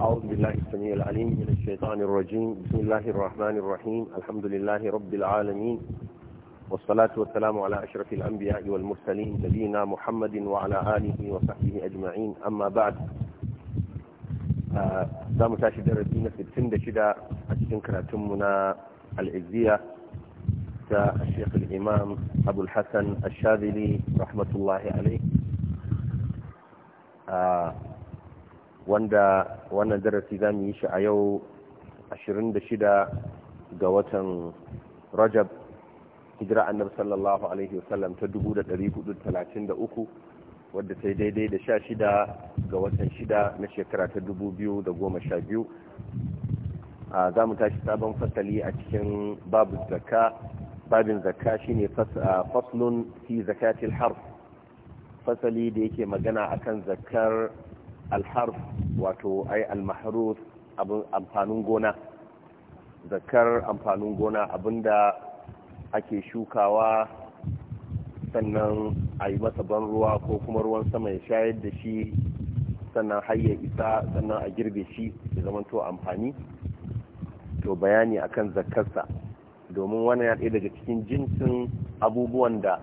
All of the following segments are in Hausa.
أعوذ بالله السميع العليم من الشيطان الرجيم بسم الله الرحمن الرحيم الحمد لله رب العالمين والصلاة والسلام على أشرف الأنبياء والمرسلين نبينا محمد وعلى آله وصحبه أجمعين أما بعد آه، دام تاشد tashi في na 66 a cikin العزية الشيخ الإمام أبو الحسن الشاذلي رحمة الله عليه آه، wanda wannan darasi za mu yi shi a yau 26 ga watan rajab hijira annabi sallallahu alaihi wasallam ta 1433 wadda ta yi daidai da 16 ga watan 6 na shekara ta 2012 a za mu tashi sabon fasali a cikin babu zakka babin zakka shine faslun fi zakatil harf fasali da yake magana akan Zakar. alharf wato ai almahruf abin amfanin gona zakar amfanin gona abinda ake shukawa sannan a yi masa ban ruwa ko kuma ruwan sama ya shayar da shi sannan har ya isa sannan a girbe shi ya zama to amfani to bayani akan zakarsa domin wannan ya ɗaya daga cikin jinsin abubuwan da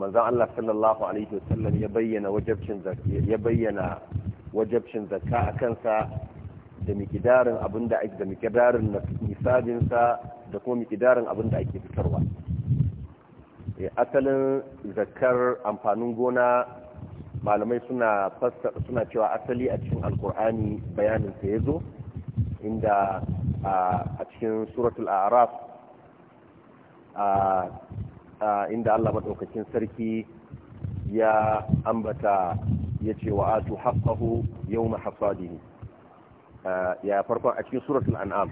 manzon Allah sallallahu alaihi wasallam ya bayyana wajabcin zakka ya bayyana wajabcin zakka a kansa da mikidarin abin da ake da mikidarin nisabin sa da kuma mikidarin abin da ake fitarwa eh, asalin zakkar amfanin gona malamai suna suna cewa asali a cikin alqur'ani bayanin sa yazo inda a cikin suratul a'raf inda Allah madaukakin sarki ya ambata ya ce wa atu haqqahu yawma hasadihi ya farkon a cikin suratul an'am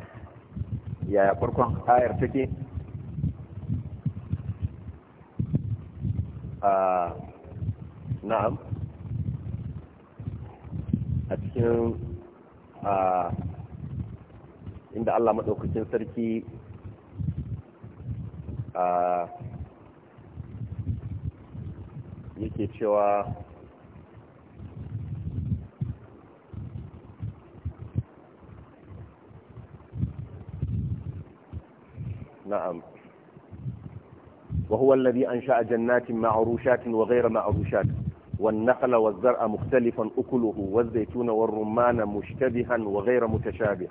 ya farkon ayar take na'am a cikin inda Allah madaukakin sarki a yake cewa na'am وهو الذي أنشأ جنات معروشات وغير معروشات والنخل والزرع مختلفا أكله والزيتون والرمان مشتبها وغير متشابه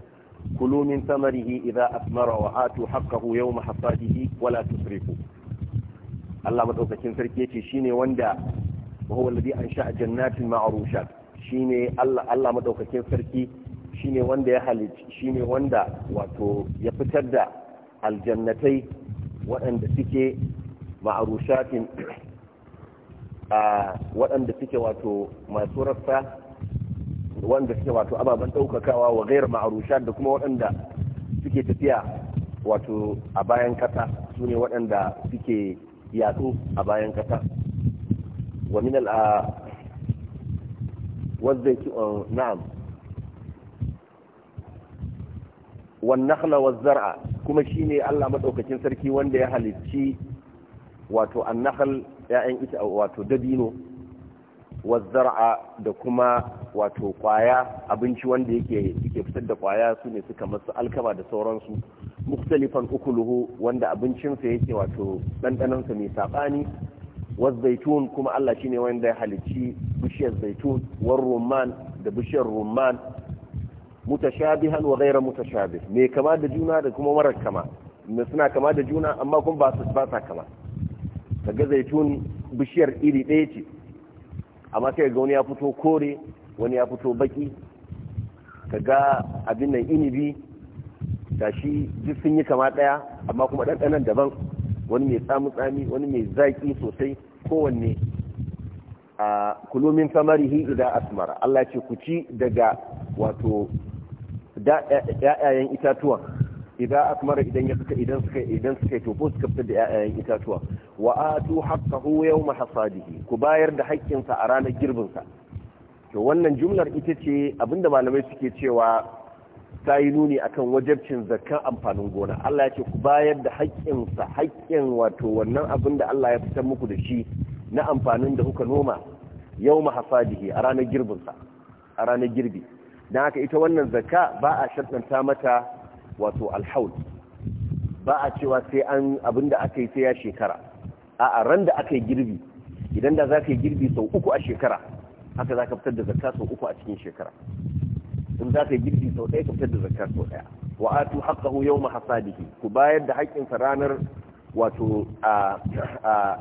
كلوا من ثمره إذا أثمر وآتوا حقه يوم حصاده ولا تسرفوا Allah madaukakin sarki ce shi ne wanda huwa alladhi ansha'a jannatin ma'rushat shi ne Allah madaukakin sarki shi ne wanda ya halici ne wanda wato ya fitar da aljannatai waɗanda suke ma'arushatin a waɗanda suke wato masu rassa wanda suke wato ababen ɗaukakawa wa gairar ma'arushat da kuma waɗanda suke tafiya wato a bayan ƙasa su ne waɗanda suke yatsu a bayan kasa wa min al'a ah, wadda ki oh, na'am wan nakhla waz zar'a kuma shine Allah madaukakin sarki wanda ya halicci wato nakhal ya'yan ita wato dabino waz zar'a da kuma wato kwaya abinci wanda yake yake fitar da kwaya su ne suka masu alkama da sauransu muktalifan ukuluhu wanda abincinsa yake wato ɗanɗanansa mai saɓani was zaitun kuma Allah shine wanda ya halicci bishiyar zaitun war rumman da bishiyar rumman mutashabihan wa ghayra mutashabih me kama da juna da kuma marar kama me suna kama da juna amma kuma ba su ba kama kaga zaitun bishiyar iri ɗaya ce amma sai ga wani ya fito kore wani ya fito baki kaga abin nan inibi gashi duk sun yi kama ɗaya amma kuma ɗanɗanan daban wani mai tsamu tsami wani mai zaki sosai kowanne a kulumin samarihi ida asmara Allah ce ku ci daga wato ‘ya'yayen itatuwa idan asmara idan ya suka idan suka idan suka yi suka fitar da ‘ya'yayen itatuwa wa atu haqqahu yawma hasadihi ku bayar da haƙƙinsa a ranar girbinsa to wannan jumlar ita ce abinda malamai suke cewa ta yi nuni akan wajabcin zakkan amfanin gona Allah ya ce ku bayar da haƙƙinsa haƙƙin wato wannan abin da Allah ya fitar muku da shi na amfanin da kuka noma yau mahasadihi a ranar girbinsa a ranar girbi don haka ita wannan zakka ba a shaddanta mata wato alhaul ba a cewa sai an abin da aka yi sai ya shekara a ran da aka yi girbi idan da za ka yi girbi sau uku a shekara haka za ka fitar da zakka sau uku a cikin shekara in za ka yi girbi sau ɗaya ka fitar da zakar sau ɗaya wa atu haqqahu yawma hasadihi ku bayar da haƙƙinsa ranar wato a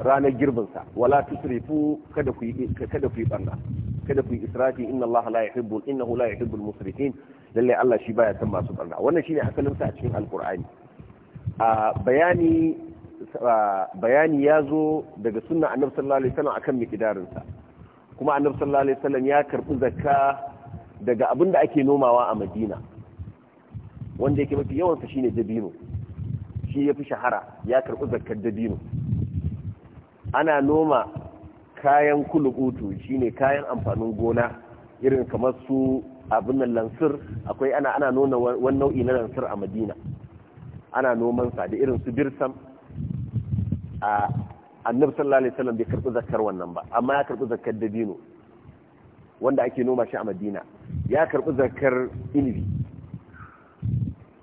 ranar sa wala tusrifu kada ku yi kada ku yi banga kada ku yi israfi inna Allah la yuhibbu innahu la yuhibbu al-musrifin lalle Allah shi baya san masu banga wannan shine asalin sa a cikin alqur'ani a bayani bayani zo daga sunna annabi sallallahu alaihi wasallam akan miqdarin sa kuma annabi sallallahu alaihi wasallam ya karbi zakka daga abin da ake nomawa a madina wanda yake mafi yawansa shine dabino shi ya fi shahara ya karɓi zakar dabino ana noma kayan kulubutu shine kayan amfanin gona irin kamar su abin nan lansir akwai ana ana nuna wani nau'i na lansir a madina ana noman sa da irin su birsam a annabi sallallahu alaihi bai karɓi zakar wannan ba amma ya karɓi zakar dabino wanda ake noma shi a madina ya karbi zakar inibi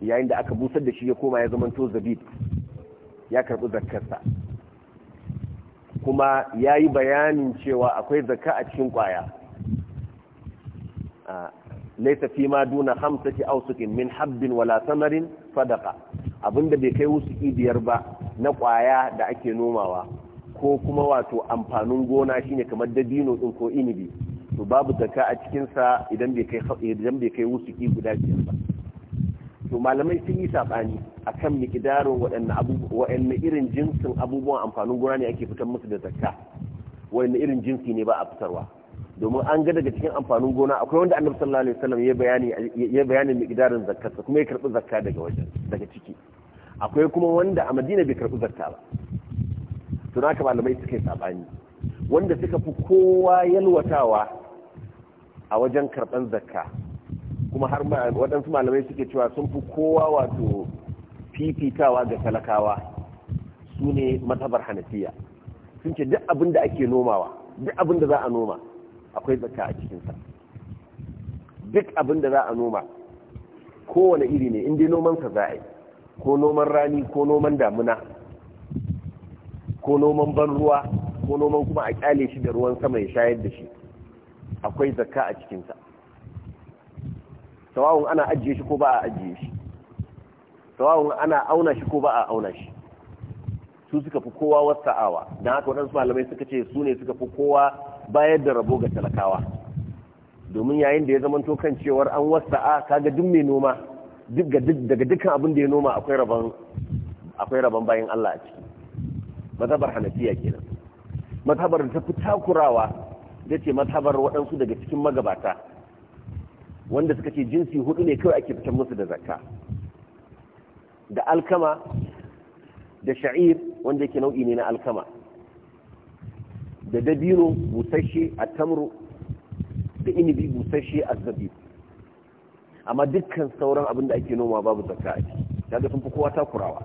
yayin da aka busar da shi ya koma ya zamanto zabib ya karbi zakarsa kuma ya yi bayanin cewa akwai zakka a cikin kwaya laisa fi ma duna hamsati ausukin min habbin wala samarin sadaka abinda bai kai wasu ibiyar ba na ƙwaya da ake nomawa ko kuma wato amfanin gona shine kamar dabino ɗin ko inibi to babu zaka a cikinsa idan bai kai wusuki guda biyar ba to malamai sun yi saɓani a kan miƙidarin waɗanne irin jinsin abubuwan amfanin gona ne ake fitar musu da zakka waɗanne irin jinsi ne ba a fitarwa domin an ga daga cikin amfanin gona akwai wanda annabi sallallahu alaihi wasallam ya bayani ya bayani miƙidarin zakkarsa kuma ya karɓi zakka daga wajen daga ciki akwai kuma wanda a madina bai karɓi zakka ba to haka malamai suka yi saɓani wanda suka fi kowa yalwatawa a wajen karɓar zakka kuma har waɗansu malamai suke cewa sun fi kowa wato fifitawa ga talakawa su ne matsabar hanafiya sun ce duk abin da ake nomawa duk abin da za a noma akwai zakka a cikinsa duk abin da za a noma kowane iri ne inda nomansa za a yi ko noman rani ko noman damuna ko noman ban ruwa ko noman kuma a kyale shi da ruwan sama ya shayar da shi akwai zakka a cikinsa sawawun ana ajiye shi ko ba a ajiye shi sawawun ana auna shi ko ba a auna shi su suka fi kowa wasa'awa don haka waɗansu malamai suka ce su ne suka fi kowa bayar da rabo ga talakawa domin yayin da ya zama to kan cewar an wasa'a kaga duk mai noma daga dukkan abin da ya noma akwai rabon bayan Allah a ciki mazhabar hanafiya kenan mazhabar ta fi takurawa da ce mazhabar waɗansu daga cikin magabata wanda suka ce jinsi hudu ne kawai ake fitan musu da zakka da alkama da sha'ir wanda yake nau'i ne na alkama da dabino busasshe a tamro da inibi busasshe a zabi amma dukkan sauran abin da ake noma babu zakka a ciki ga sun fi kowa takurawa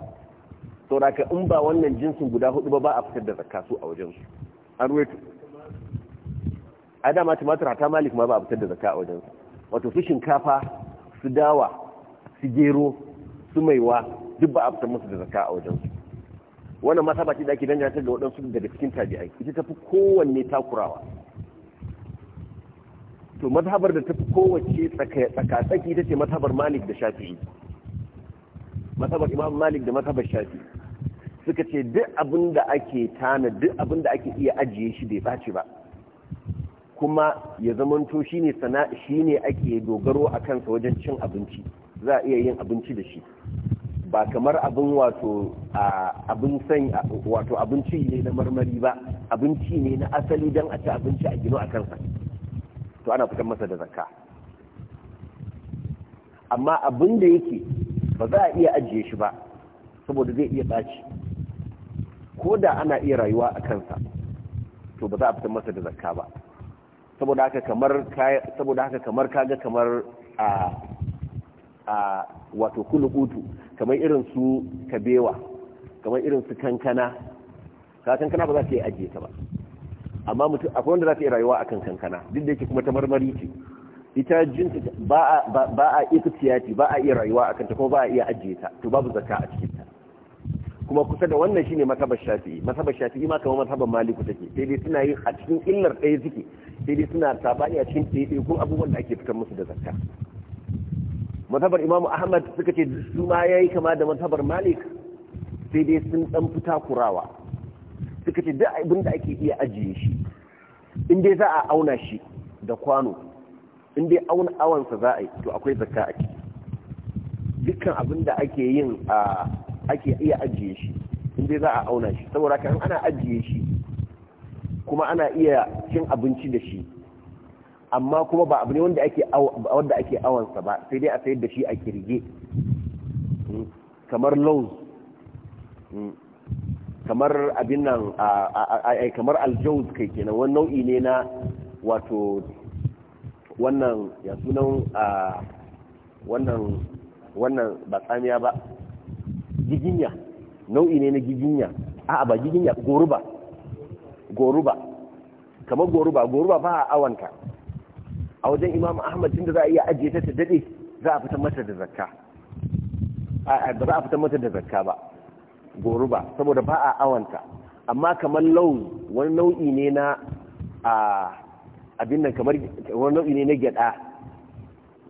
saboda in ba wannan jinsin guda hudu ba ba a fitar da zakka su a wajen su an ruwaito a dama tumatur hata malik ma ba a fitar da zakka a wajen wato su shinkafa su dawa su gero su maiwa duk ba a fitar musu da zakka a wajen wannan ma ba da ake danganta da waɗansu daga cikin tabi'ai ita tafi kowanne takurawa to mazhabar da tafi kowace tsaki ita ce mazhabar malik da shafi'i mazhabar imam malik da mazhabar shafi'i suka ce duk abin da ake tana duk abin da ake iya ajiye shi bai ɓaci ba kuma ya zamanto shine sana'a shine ake dogaro a kansa wajen cin abinci za a iya yin abinci da shi ba kamar abin wato abin san wato abinci ne na marmari ba abinci ne na asali don a ci abinci a gino a kansa to ana fitar masa da zakka amma abin da yake ba za a iya ajiye shi ba saboda zai iya ɓaci ko da ana iya rayuwa a kansa to ba za a fitar masa da zakka ba saboda haka kamar saboda haka kamar kaga kamar a a wato kulukutu kamar irin su kabewa kamar irin su kankana ka kankana ba za ta yi ajiye ta ba amma mutum akwai wanda za ta yi rayuwa akan kankana duk da yake kuma ta marmari ce ita jin ba a ikhtiyati ba a iya rayuwa akan ta kuma ba a iya ajiye ta to babu zakka a cikin ta kuma kusa da wannan shine masabar shafi'i masabar shafi'i ma kamar masabar maliku take sai dai suna yi a cikin illar ɗaya suke sai dai suna sabani a cikin tsaye ko abubuwan da ake fitar musu da zakka mazhabar imamu ahmad suka ce su ma yayi kama da mazhabar malik sai dai sun dan fita kurawa suka ce duk abin da ake iya ajiye shi in dai za a auna shi da kwano in dai auna awansa za a yi to akwai zakka a ciki dukkan abin da ake yin a ake iya ajiye shi in dai za a auna shi saboda kan ana ajiye shi kuma ana iya cin abinci da shi amma kuma ba abu ne wanda ake wanda ake awansa ba sai dai a sayar da shi a kirge hmm, kamar lows hmm, kamar abin nan kamar aljauz kai kenan wani nau'i ne na wato wannan ya sunan wannan wannan ba tsamiya ba giginya nau'i ne na giginya a ba giginya goruba goruba kamar goruba goruba ba a awanka a wajen imam ahmad tun da za a iya ajiye ta dade daɗe za a fitar mata da zakka ba za a fitar mata da zakka ba goruba saboda ba a awanta amma kamar lau wani nau'i ne na abin nan kamar wani nau'i ne na gyada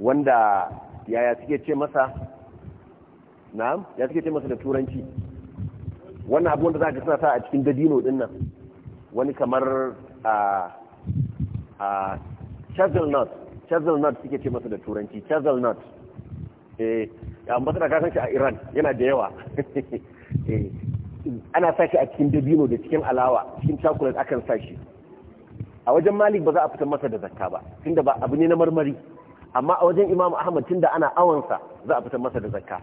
wanda yaya suke ce masa na ya suke ce masa da turanci wannan abu wanda za ka sa a cikin dadino din nan wani kamar a a chazelnut suke ce masa da turanci chazelnut eh amma ka san a Iran yana da yawa eh ana sa a cikin dabino da cikin alawa cikin chocolate akan sa shi a wajen Malik ba za a fitar masa da zakka ba tunda ba abu ne na marmari amma a wajen Imam Ahmad tunda ana awansa za a fitar masa da zakka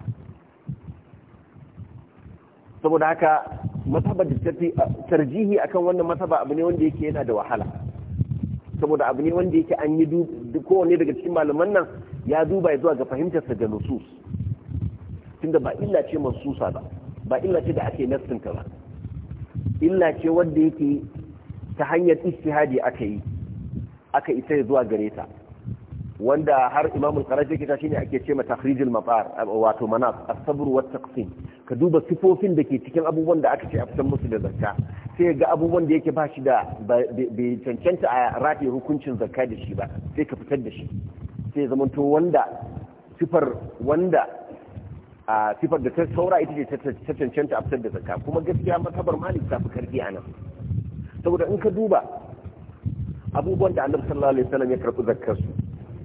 saboda haka mataba da tarjihi akan wannan mataba abu ne wanda yake yana da wahala saboda abu ne wanda yake an yi kowane daga cikin malaman nan ya duba ya zuwa ga fahimtarsa ga nusus tunda ba illa ce mansusa ba ba illa ce da ake nassinta ba illa ce wanda yake ta hanyar istihadi aka yi aka isa zuwa gare ta wanda har imamul qarashi ta shine ake ce ma takhrijul mafar wato manaf as-sabr wa taqsim ka duba sifofin da ke cikin abubuwan da aka ce a fitan musu da zakka sai ga abubuwan da yake ba bashi da bai cancanta a rataye hukuncin zakka da shi ba sai ka fitar da shi sai to wanda sifar wanda a sifar da ta saura ita ce ta cancanta a fitar da zakka kuma gaskiya matabar malik ta fi karfi a nan saboda in ka duba abubuwan da annabi sallallahu alaihi wasallam ya karɓi zakkar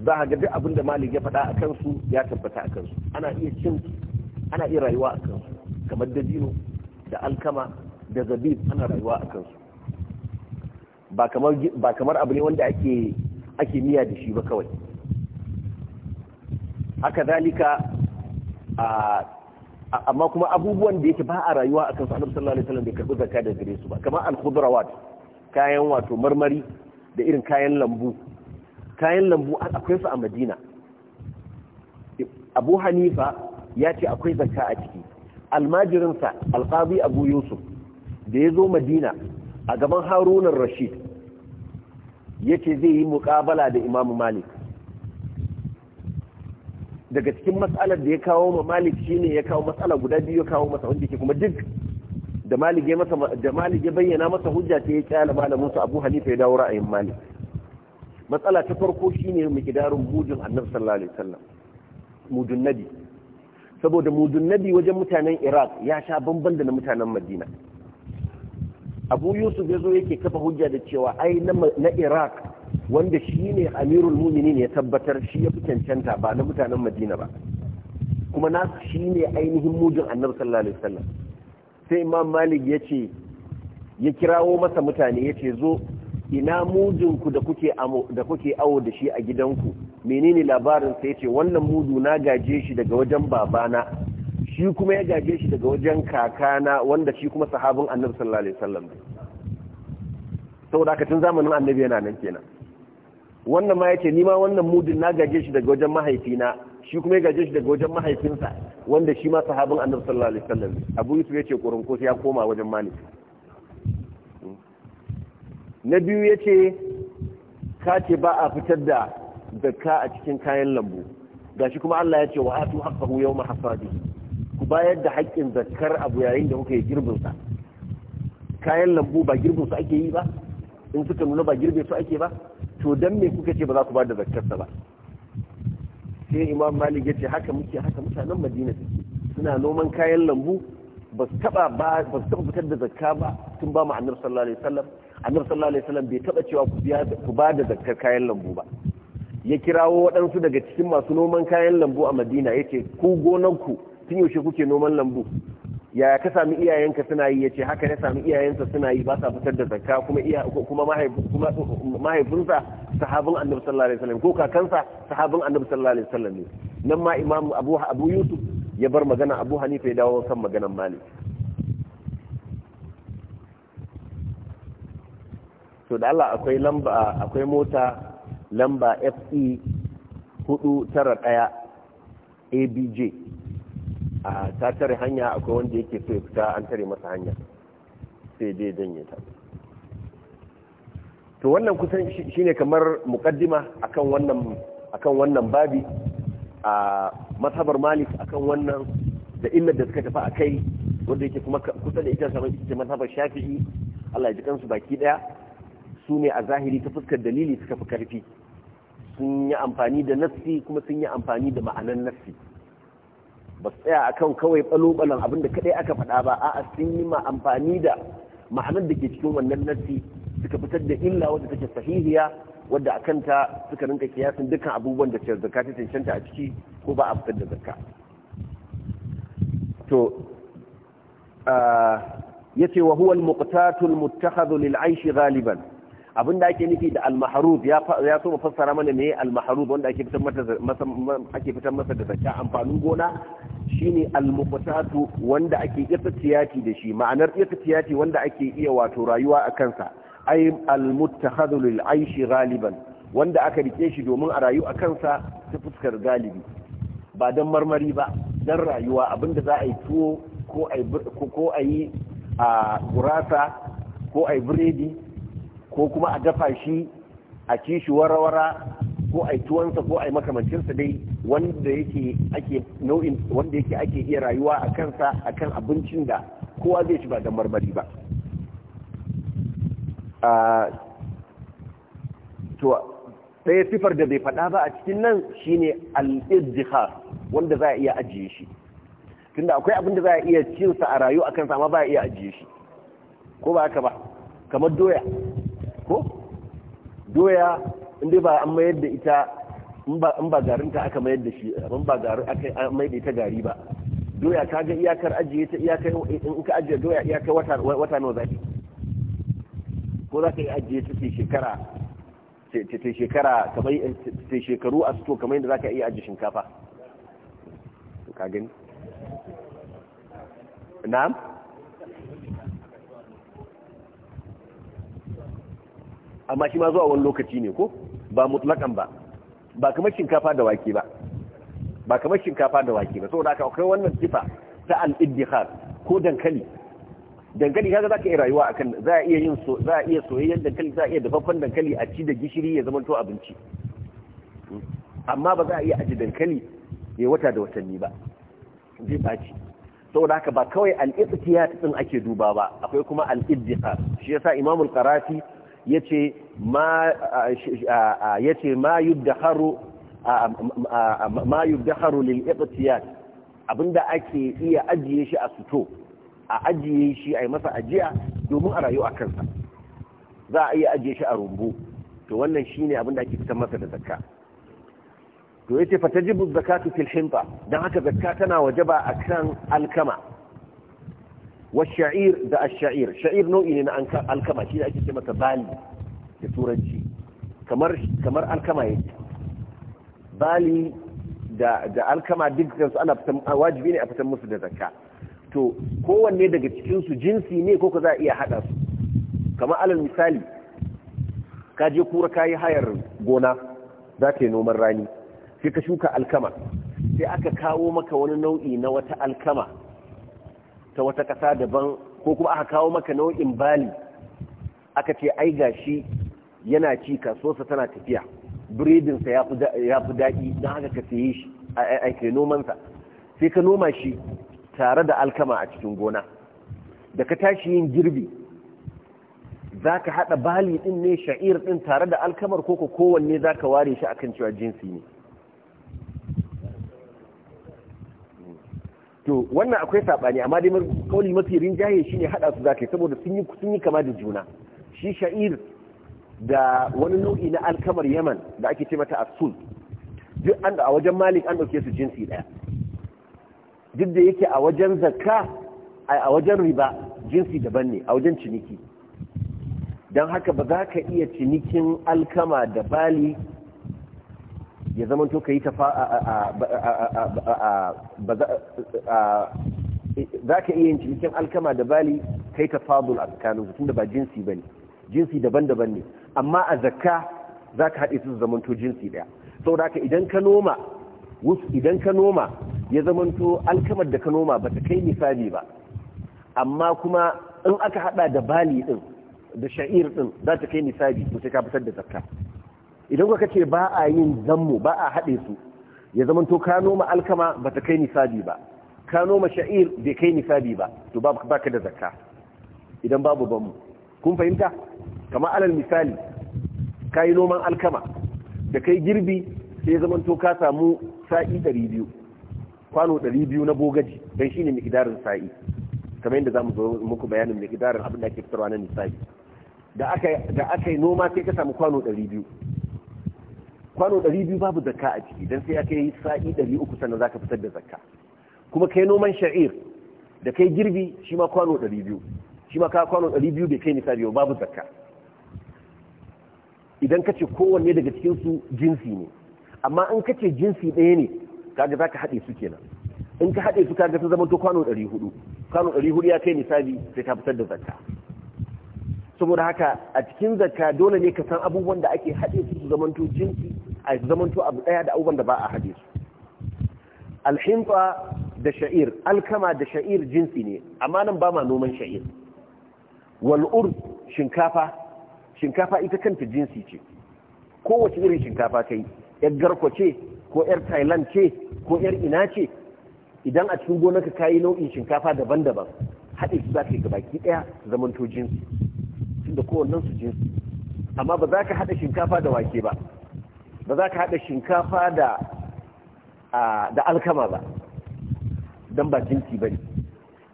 za ka ga duk abin da malik ya faɗa a kansu ya tabbata a kansu ana iya cin ana iya rayuwa a kansu kamar dino da alkama da zabib ana rayuwa a kansu ba kamar abu ne wanda ake miya da shi ba kawai haka zalika amma kuma abubuwan da yake ba a rayuwa a kansu annabi sallallahu alaihi bai karbi da gare su ba kamar al-khudrawat kayan wato marmari da irin kayan lambu kayan lambu akwai su a Madina Abu Hanifa ya ce akwai zaka a ciki almajirinsa alqazi abu yusuf da ya zo madina a gaban harunan rashid ya ce zai yi mukabala da imamu malik daga cikin matsalar da ya kawo ma malik shine ya kawo matsala guda biyu ya kawo masa wanda ke kuma duk da malik ya masa da malik ya bayyana masa hujja ta ya kyala malamin su abu hanifa ya dawo ra'ayin malik matsala ta farko shine miqdarun mujun annabi sallallahu alaihi wasallam mujin nabi saboda mudunnabi wajen mutanen iraq ya sha bamban da na mutanen madina abu yusuf ya zo yake kafa hujja da cewa ai na iraq wanda shi ne amirul muminin ya tabbatar shi ya fi cancanta ba na mutanen madina ba kuma na shi ne ainihin mujin annabi sallallahu alaihi wasallam sai imam malik ya ya kirawo masa mutane ya ce zo ina mujinku da kuke awo da shi a gidanku menene labarin sai ce wannan mudu na gaje shi daga wajen babana shi kuma ya gaje shi daga wajen kakana wanda shi kuma sahabin annabi sallallahu alaihi wasallam saboda ka tun zamanin annabi yana nan kenan wannan ma yace ni ma wannan mudu na gaje shi daga wajen mahaifina shi kuma ya gaje shi daga wajen mahaifinsa wanda shi ma sahabin annabi sallallahu alaihi wasallam abu yusuf yace kurunko ya koma wajen malik na biyu yace ka ce ba a fitar da zakka a cikin kayan lambu gashi kuma Allah ya ce wa atu haqqahu yawma hasadihi ku bayar da haƙƙin zakkar abu yayin da kuka yi girbin sa kayan lambu ba girbin su ake yi ba in suka nuna ba girbe su ake ba to dan me kuka ce ba za ku ba da zakkar sa ba sai Imam Malik ya ce haka muke haka mutanen Madina suke suna noman kayan lambu ba su taba ba ba su taba fitar da zakka ba tun ba mu Annabi sallallahu alaihi wasallam Annabi sallallahu alaihi wasallam bai taba cewa ku biya ku ba da zakkar kayan lambu ba ya kirawo waɗansu daga cikin masu noman kayan lambu a madina ya ce ku gonanku tun yaushe kuke noman lambu yaya ka sami iyayenka suna yi ya ce haka ya sami iyayensa suna yi ba sa fitar da zakka kuma kuma mahaifinsa sahabin annabi sallallahu alaihi ko kakansa sahabin annabi sallallahu alaihi ne nan ma imam abu yusuf ya bar magana abu hanifa ya dawo kan maganan malik to da Allah akwai lamba akwai mota lamba fe 491 abj a ta tare hanya akwai wanda yake so ya fita an tare masa hanya sai dai janye ta to wannan kusan shine kamar mukaddima akan wannan akan wannan babi a mazhabar malik akan wannan da illar da suka tafi a kai wanda yake kuma kusa da ita saman ita mazhabar shafi'i Allah ya ji kansu baki daya su ne a zahiri ta fuskar dalili suka fi karfi sun yi amfani da nassi kuma sun yi amfani da ma'anan nassi ba su tsaya akan kawai balo-balon abinda kadai aka faɗa ba a sun yi ma amfani da ma'anar da ke cikin wannan nassi suka fitar da illa wadda take sahihiya wadda a kanta suka rinka kiyasin dukkan abubuwan da ke zakka ta ta a ciki ko ba a fitar da zakka to ah, yace wa huwa al al muttakhadhu lil 'aishi ghaliban abin da ake nufi da al-mahruz ya so fassara mana me mahruz wanda ake fitar masa da zakka amfanin gona shine al-muqtatu wanda ake tiyati da shi ma'anar tiyati wanda ake iya wato rayuwa a kansa ay al-muttakhadhu lil aishi galiban wanda aka rike shi domin a rayu a kansa ta fuskar galibi ba dan marmari ba dan rayuwa abinda za a yi tuwo ko a yi gurasa ko a yi biredi ko kuma a dafa shi a ci shi warawara ko a yi tuwansa ko a yi makamancinsa dai wanda yake ake iya rayuwa a kansa a kan abincin da kowa zai ci ba don marmari ba to ɗaya sifar da bai faɗa ba a cikin nan shine ne izdihar wanda za a iya ajiye shi tunda akwai abin da za a iya cinsa a rayu a kansa amma ba a iya ajiye shi ko ba haka ba kamar doya ko doya inda ba an mayar da ita in ba garinta aka mayar da shi in ba garin aka mayar da ita gari ba doya ka ga iyakar ajiye ta iyakar in ka ajiye doya iyakar wata wata nawa zaki ko za ka yi ajiye ta sai shekara ta shekara kamar ta shekaru a sto kamar yadda za ka iya ajiye shinkafa ka gani na'am amma shi ma zuwa wani lokaci ne ko ba mutlakan ba ba kamar shinkafa da wake ba ba kamar shinkafa da wake ba saboda haka akwai wannan sifa ta al-iddihar ko dankali dankali kaga zaka iya rayuwa akan za a iya yin so za a iya soyayyen dankali za a iya dafaffen dankali a ci da gishiri ya zama to abinci amma ba za a iya aji dankali ya wata da watanni ba zai baci saboda haka ba kawai al-iqtiyat din ake duba ba akwai kuma al-iddihar shi yasa imamul qarafi yace ma yace ma yudharu ma lil iqtiyat abinda ake iya ajiye shi a suto a ajiye shi a yi masa ajiya domin a rayu a kansa za a iya ajiye shi a rumbu to wannan shine abinda ake fitar masa da zakka to yace fatajibu zakatu fil himba dan haka zakka tana wajaba akan alkama wa sha'ir da ash-sha'ir sha'ir nau'i ne na alkama shi da ake ce masa bali da turanci kamar kamar alkama yake bali da da alkama da su ana fitan wajibi ne a fitan musu da zakka to kowanne daga cikin su jinsi ne ko ka za iya hada su kamar alal misali ka je kura kayi hayar gona za ka yi noman rani sai ka shuka alkama sai aka kawo maka wani nau'i na wata alkama ta wata ƙasa daban ko kuma aka kawo maka nau'in bali aka ce ai gashi yana ci kasuwarsa tana tafiya biredinsa ya fi daɗi don haka ka sayi shi a nomansa sai ka noma shi tare da alkama a cikin gona da ka tashi yin girbi za ka haɗa bali ɗin ne sha'ir ɗin tare da alkamar koko kowanne za ka ware shi akan cewa jinsi ne to wannan akwai sabani amma dai kauli mafi rinjaye shine hada su zakai saboda sun yi sun yi kama da juna shi sha'ir da wani nau'i na alkamar yaman da ake ce mata asul duk an a wajen malik an dauke su jinsi daya duk da yake a wajen zakka a wajen riba jinsi daban ne a wajen ciniki don haka ba za ka iya cinikin alkama da bali ya zama to ka yi tafa za ka iya yin cinikin alkama da bali kai fadul a tsakanin tun da ba jinsi ba ne jinsi daban-daban ne amma a zakka za ka haɗe su zama to jinsi ɗaya saboda haka idan ka noma idan ka noma ya zamanto to alkamar da ka noma ba ta kai misali ba amma kuma in aka haɗa da bali ɗin da sha'ir ɗin za ta kai nisabi to sai ka fitar da zakka idan kuka ce ba a yin zammu ba a haɗe su ya zama to ka noma alkama ba ta kai nisabi ba ka noma sha'ir bai kai nisabi ba to ba ka da zakka idan babu banmu kun fahimta kamar alal misali ka yi noman alkama da kai girbi sai zama to ka samu sa'i 200 kwano 200 na bogaji don shi ne mikidarin sa'i kamar yadda za mu zo muku bayanin mikidarin abin da ake fitarwa na nisabi da aka yi noma sai ka samu kwano 200 kwano 200 babu zakka a ciki dan sai aka yi sa'i 300 sannan zaka fitar da zakka kuma kai noman sha'ir da kai girbi shi ma kwano 200 shi ma ka kwano 200 bai kai nisabi babu zakka idan ka ce kowanne daga cikin su jinsi ne amma in ka ce jinsi ɗaya ne kaga zaka haɗe su kenan in ka haɗe su kaga sun zama to kwano 400 kwano hudu ya kai nisabi sai ka fitar da zakka saboda haka a cikin zakka dole ne ka san abubuwan da ake haɗe su su zamanto jinsi a zamanto abu ɗaya da abubuwan da ba a haɗe su alhimfa da sha'ir alkama da sha'ir jinsi ne amma nan ba ma noman sha'ir wal'ur shinkafa shinkafa ita kanta jinsi ce kowace irin shinkafa yi, yar garko ce ko yar thailand ce ko yar ina ce idan a cikin gonarka kayi nau'in shinkafa daban-daban haɗe su za ka yi gabaki ɗaya zamanto jinsi tunda kowannen su jinsi amma ba za ka haɗa shinkafa da wake ba ba za ka haɗa shinkafa da alkama ba don ba jinsi ba ne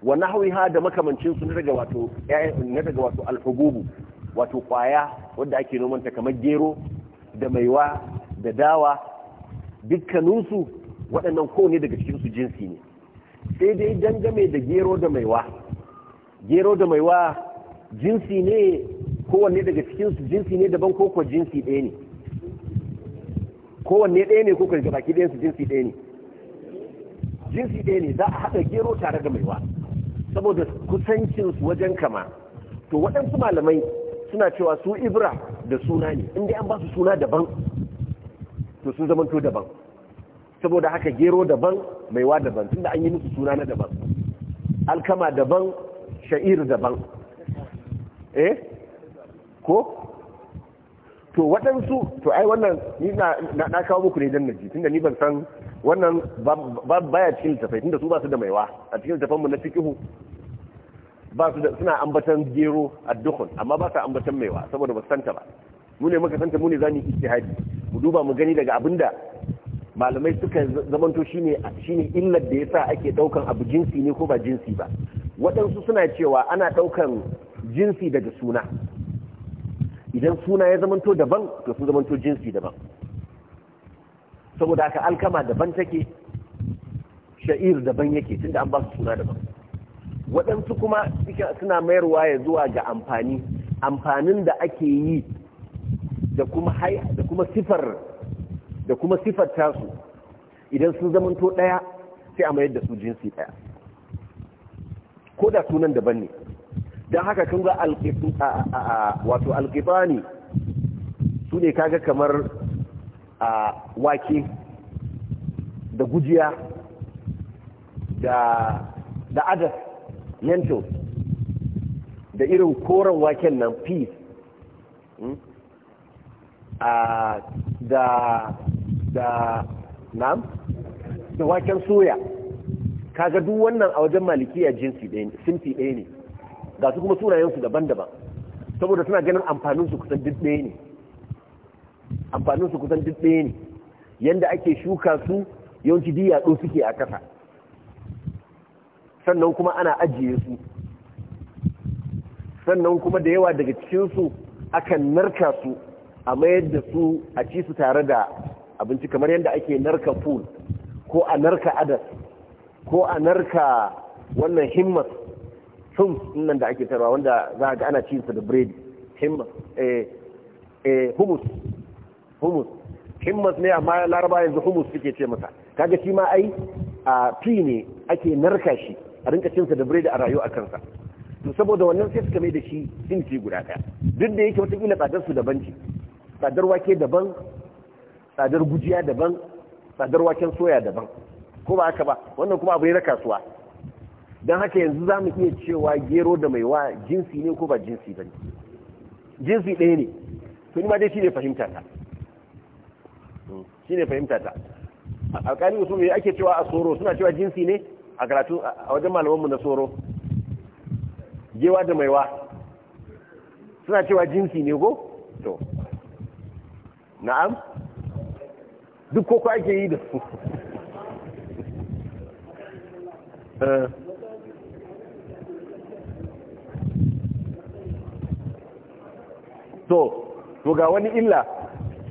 wani hauyi da makamancin su na daga wato alfagubu wato kwaya wadda ake nomanta kamar gero da maiwa da dawa dukkaninsu waɗannan kowane daga cikin su jinsi ne sai dai dangame da gero da maiwa gero da maiwa jinsi ne kowanne daga cikinsu jinsi ne daban ko jinsi ɗaya ne kowanne ɗaya ne ko kuwa daga baki ɗayansu jinsi ɗaya ne jinsi ɗaya ne za a haɗa gero tare da maiwa saboda kusancinsu wajen kama to waɗansu malamai suna cewa su ibra da suna ne inda an ba su suna daban to sun zamanto daban saboda haka gero daban maiwa daban tunda an yi musu suna na daban alkama daban sha'ir daban eh ko to waɗansu to ai wannan ni na na kawo muku ne dan naji tunda ni ban san wannan ba baya cikin tafai tunda su ba su da maiwa a cikin tafan mu na fikihu ba su da suna ambatan gero addukhun amma ba su ambatan maiwa saboda ba santa ba mu ne muka santa mu ne zamu ijtihadi mu duba mu gani daga abinda malamai suka zamanto shine shine illar da yasa ake daukan abu jinsi ne ko ba jinsi ba waɗansu suna cewa ana daukan jinsi daga suna idan suna ya zamanto daban to sun zamanto jinsi daban saboda aka alkama daban take sha'ir daban yake tun da an ba su suna daban waɗansu kuma suna mayarwa ya zuwa ga amfani amfanin da ake yi da kuma da kuma sifar da kuma sifar tasu idan sun zamanto ɗaya sai a mayar da su jinsi ɗaya ko da sunan daban ne don haka kun ga wato su ne kaga kamar a wake da gujiya da adas yanto da irin koren waken nan peas hmm? da da nam da waken soya kaga duk wannan a wajen malikiya jinsi ɗaya ne ga su kuma sunayensu daban-daban saboda suna ganin amfaninsu kusan dubbe ne amfaninsu kusan dubbe ne yanda ake shuka su yawanci diya ɗo suke a ƙasa sannan kuma ana ajiye su sannan kuma da yawa daga cikinsu akan narka su a mayar da su a ci su tare da abinci kamar yadda ake narka pool ko a narka adas ko a narka wannan himmas films nan da ake tarwa wanda za ga ana cin su da biredi eh, eh, humus humus himmas ne amma laraba yanzu humus suke ce masa kaga shi ma ai a fi ne ake narka shi a rinka cinsa da biredi a rayu a kansa to saboda wannan sai suka mai da shi ci guda ɗaya duk da yake watakila tsadar su daban ce tsadar wake daban tsadar gujiya daban tsadar waken soya daban ko ba haka ba wannan kuma abu ne na kasuwa don haka yanzu za mu iya cewa gero da mai wa jinsi ne ko ba jinsi ba ne jinsi ɗaya ne to ni ma dai shi ne fahimta ta hmm, shi ne fahimta ta alƙali usman mai ake cewa a soro suna cewa jinsi ne a karatu a wajen malamanmu na soro gewa da mai wa suna cewa jinsi ne ko to na'am duk koko ake yi da su eh. to to ga wani illa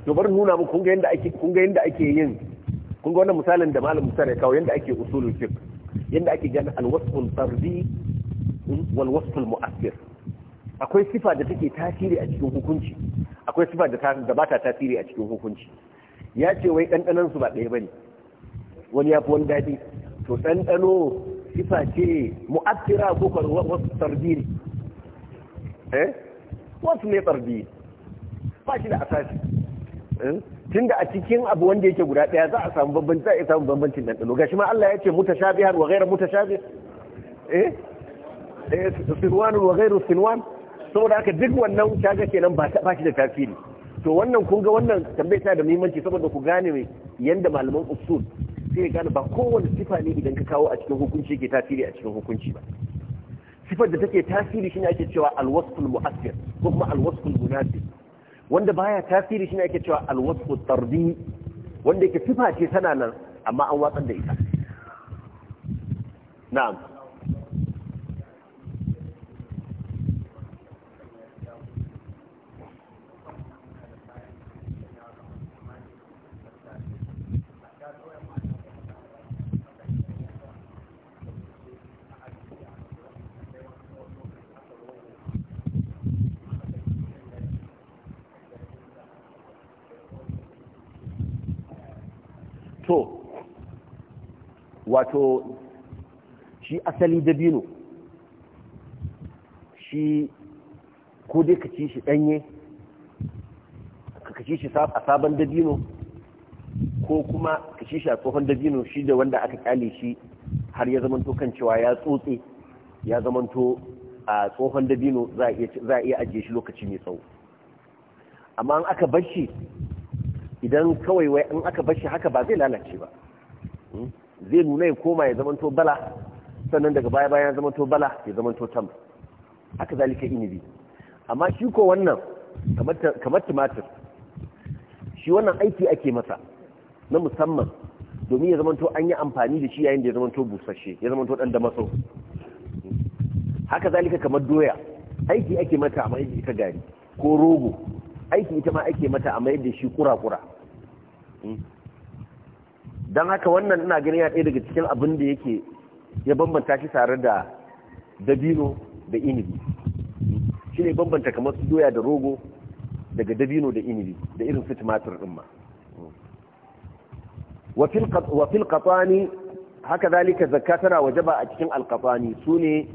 to bar nuna muku kun ga yanda ake kun ga yanda ake yin kun ga wannan misalin da malam Musa ya kawo yanda ake usulul fiqh yanda ake gane al-wasful fardi hmm, wal wasful mu'assir akwai sifa da take tasiri a cikin hukunci akwai sifa da da ba ta tasiri a cikin hukunci ya ce wai dandanan su ba ɗaya bane wani ya fi wani daɗi to dandano, sifa ce mu'assira ko wasful fardi eh wasu ne tsarbi ba shi da asasi eh? tun da a cikin abu wanda yake guda ɗaya za a samu bambanci za a samu bambancin ɗanɗano gashi ma Allah ya ce mutashabihar wa ghairu mutashabih eh eh sinwanun wa ghairu sinwan saboda haka duk wannan kaga kenan ba ta bashi da tasiri to wannan kun ga wannan tambayar ta da muhimmanci saboda ku gane me yanda malaman usul sai ya gane ba kowane sifa ne idan ka kawo a cikin hukunci ke tasiri a cikin hukunci ba sifar da take tasiri shine ake cewa alwasful mu'assir ko kuma alwasful munasib wanda baya tasiri shine ake cewa alwasful tardi wanda yake sifa ce tana nan amma an watsar da ita na'am to wato shi asali dabino shi ko dai ka ci shi danye ka ci shi a sabon dabino ko kuma ka ci shi a tsohon dabino shi da wanda aka kyale shi har ya zamanto kan cewa ya tsotse ya zamanto a tsohon dabino za a iya ajiye shi lokaci mai tsawo amma an aka bar shi idan kawai wai in aka bashi haka ba zai lalace ba hmm? zai nuna ya koma ya zamanto bala sannan daga baya bayan zamanto bala ya zamanto tam haka zalika inibi amma shi ko wannan kamar tumatir shi wannan aiki ake masa na musamman domin ya zamanto an yi amfani da shi yayin da ya zamanto busashe ya zamanto dan da maso hmm? haka zalika kamar doya aiki ake mata amma yadda ita gari ko rogo aiki ita ma ake mata amma yadda shi kura-kura don haka wannan ina ganin ya ɗaya daga cikin abin da yake ya bambanta shi tare da dabino da inibi shi ne bambanta kamar su doya da rogo daga dabino da inibi da irin su tumatur ɗin ma wafil katsani haka zalika zakka tana wajaba a cikin alkafani su ne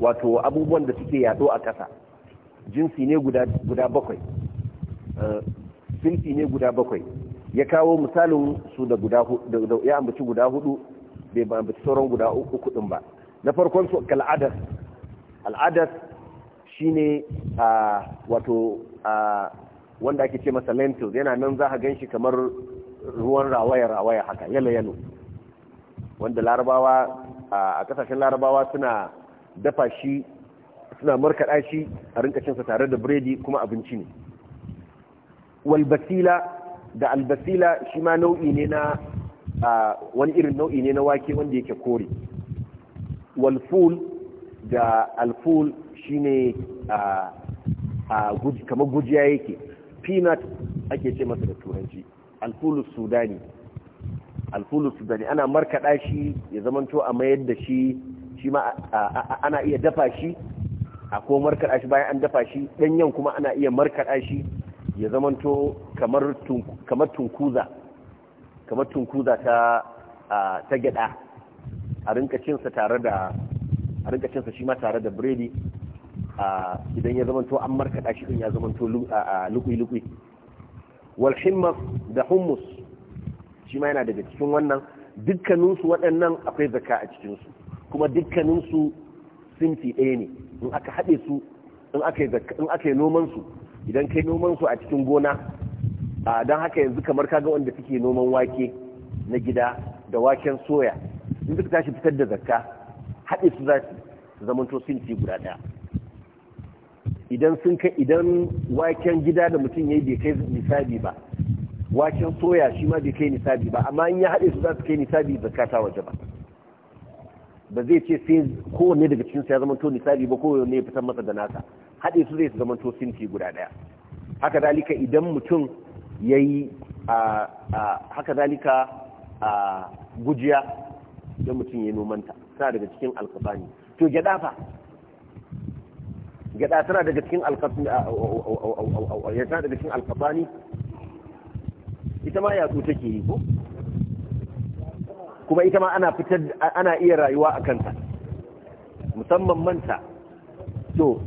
wato abubuwan da suke yaɗo a ƙasa jinsi ne guda bakwai eh, ne guda bakwai ya kawo misalin su da guda hudu ya ambaci guda hudu bai ba ambaci sauran guda uku din ba na farkon su al'adar. al'adas shine a wato a wanda ake ce masa lentils yana nan za a gan shi kamar ruwan rawaya rawaya haka yalo yalo wanda larabawa a kasashen larabawa suna dafa shi suna markaɗa shi a rinka cinsa tare da biredi kuma abinci ne walbasila da albasila shi ma nau'i ne na wani irin nau'i ne na wake wanda yake kore walful da alful shi ne kamar gujiya yake peanut ake ce masa da turanci alfulus sudani alfulus sudani ana markaɗa shi ya zamanto a mayar da shi shi ma ana iya dafa shi a ko markaɗa shi bayan an dafa shi ɗanyen kuma ana iya markaɗa shi ya zamanto kamar tunkuza kamar tunkuza ta ta gyada a rinka cinsa tare da a rinka cinsa shi ma tare da biredi idan ya zamanto an markada shi din ya zamanto lukui-lukui wal himmas da hummus shi ma yana daga cikin wannan dukkaninsu waɗannan akwai zaka a cikinsu kuma dukkaninsu sinti ɗaya ne in aka haɗe su in aka yi nomansu idan kai noman su a cikin gona a don haka yanzu kamar kaga wanda suke noman wake na gida da waken soya in suka tashi fitar da zakka haɗe su za su zamanto sinci guda ɗaya idan sun kai idan waken gida da mutum ya yi bai kai nisabi ba waken soya shi ma bai kai nisabi ba amma in ya haɗe su za su kai nisabi zakka ta waje ba ba zai ce sai kowanne daga cikin ya zama to nisabi ba kowanne ya fitar masa da nasa haɗe su zai zama to sinti guda ɗaya haka zalika idan mutum ya yi haka zalika gujiya idan mutum ya nomanta tana daga cikin alkafani to gyaɗa fa gyaɗa tana daga cikin ya tana daga cikin alkafani ita ma yatsu take yi ko kuma ita ma ana fitar ana iya rayuwa a kanta musamman manta to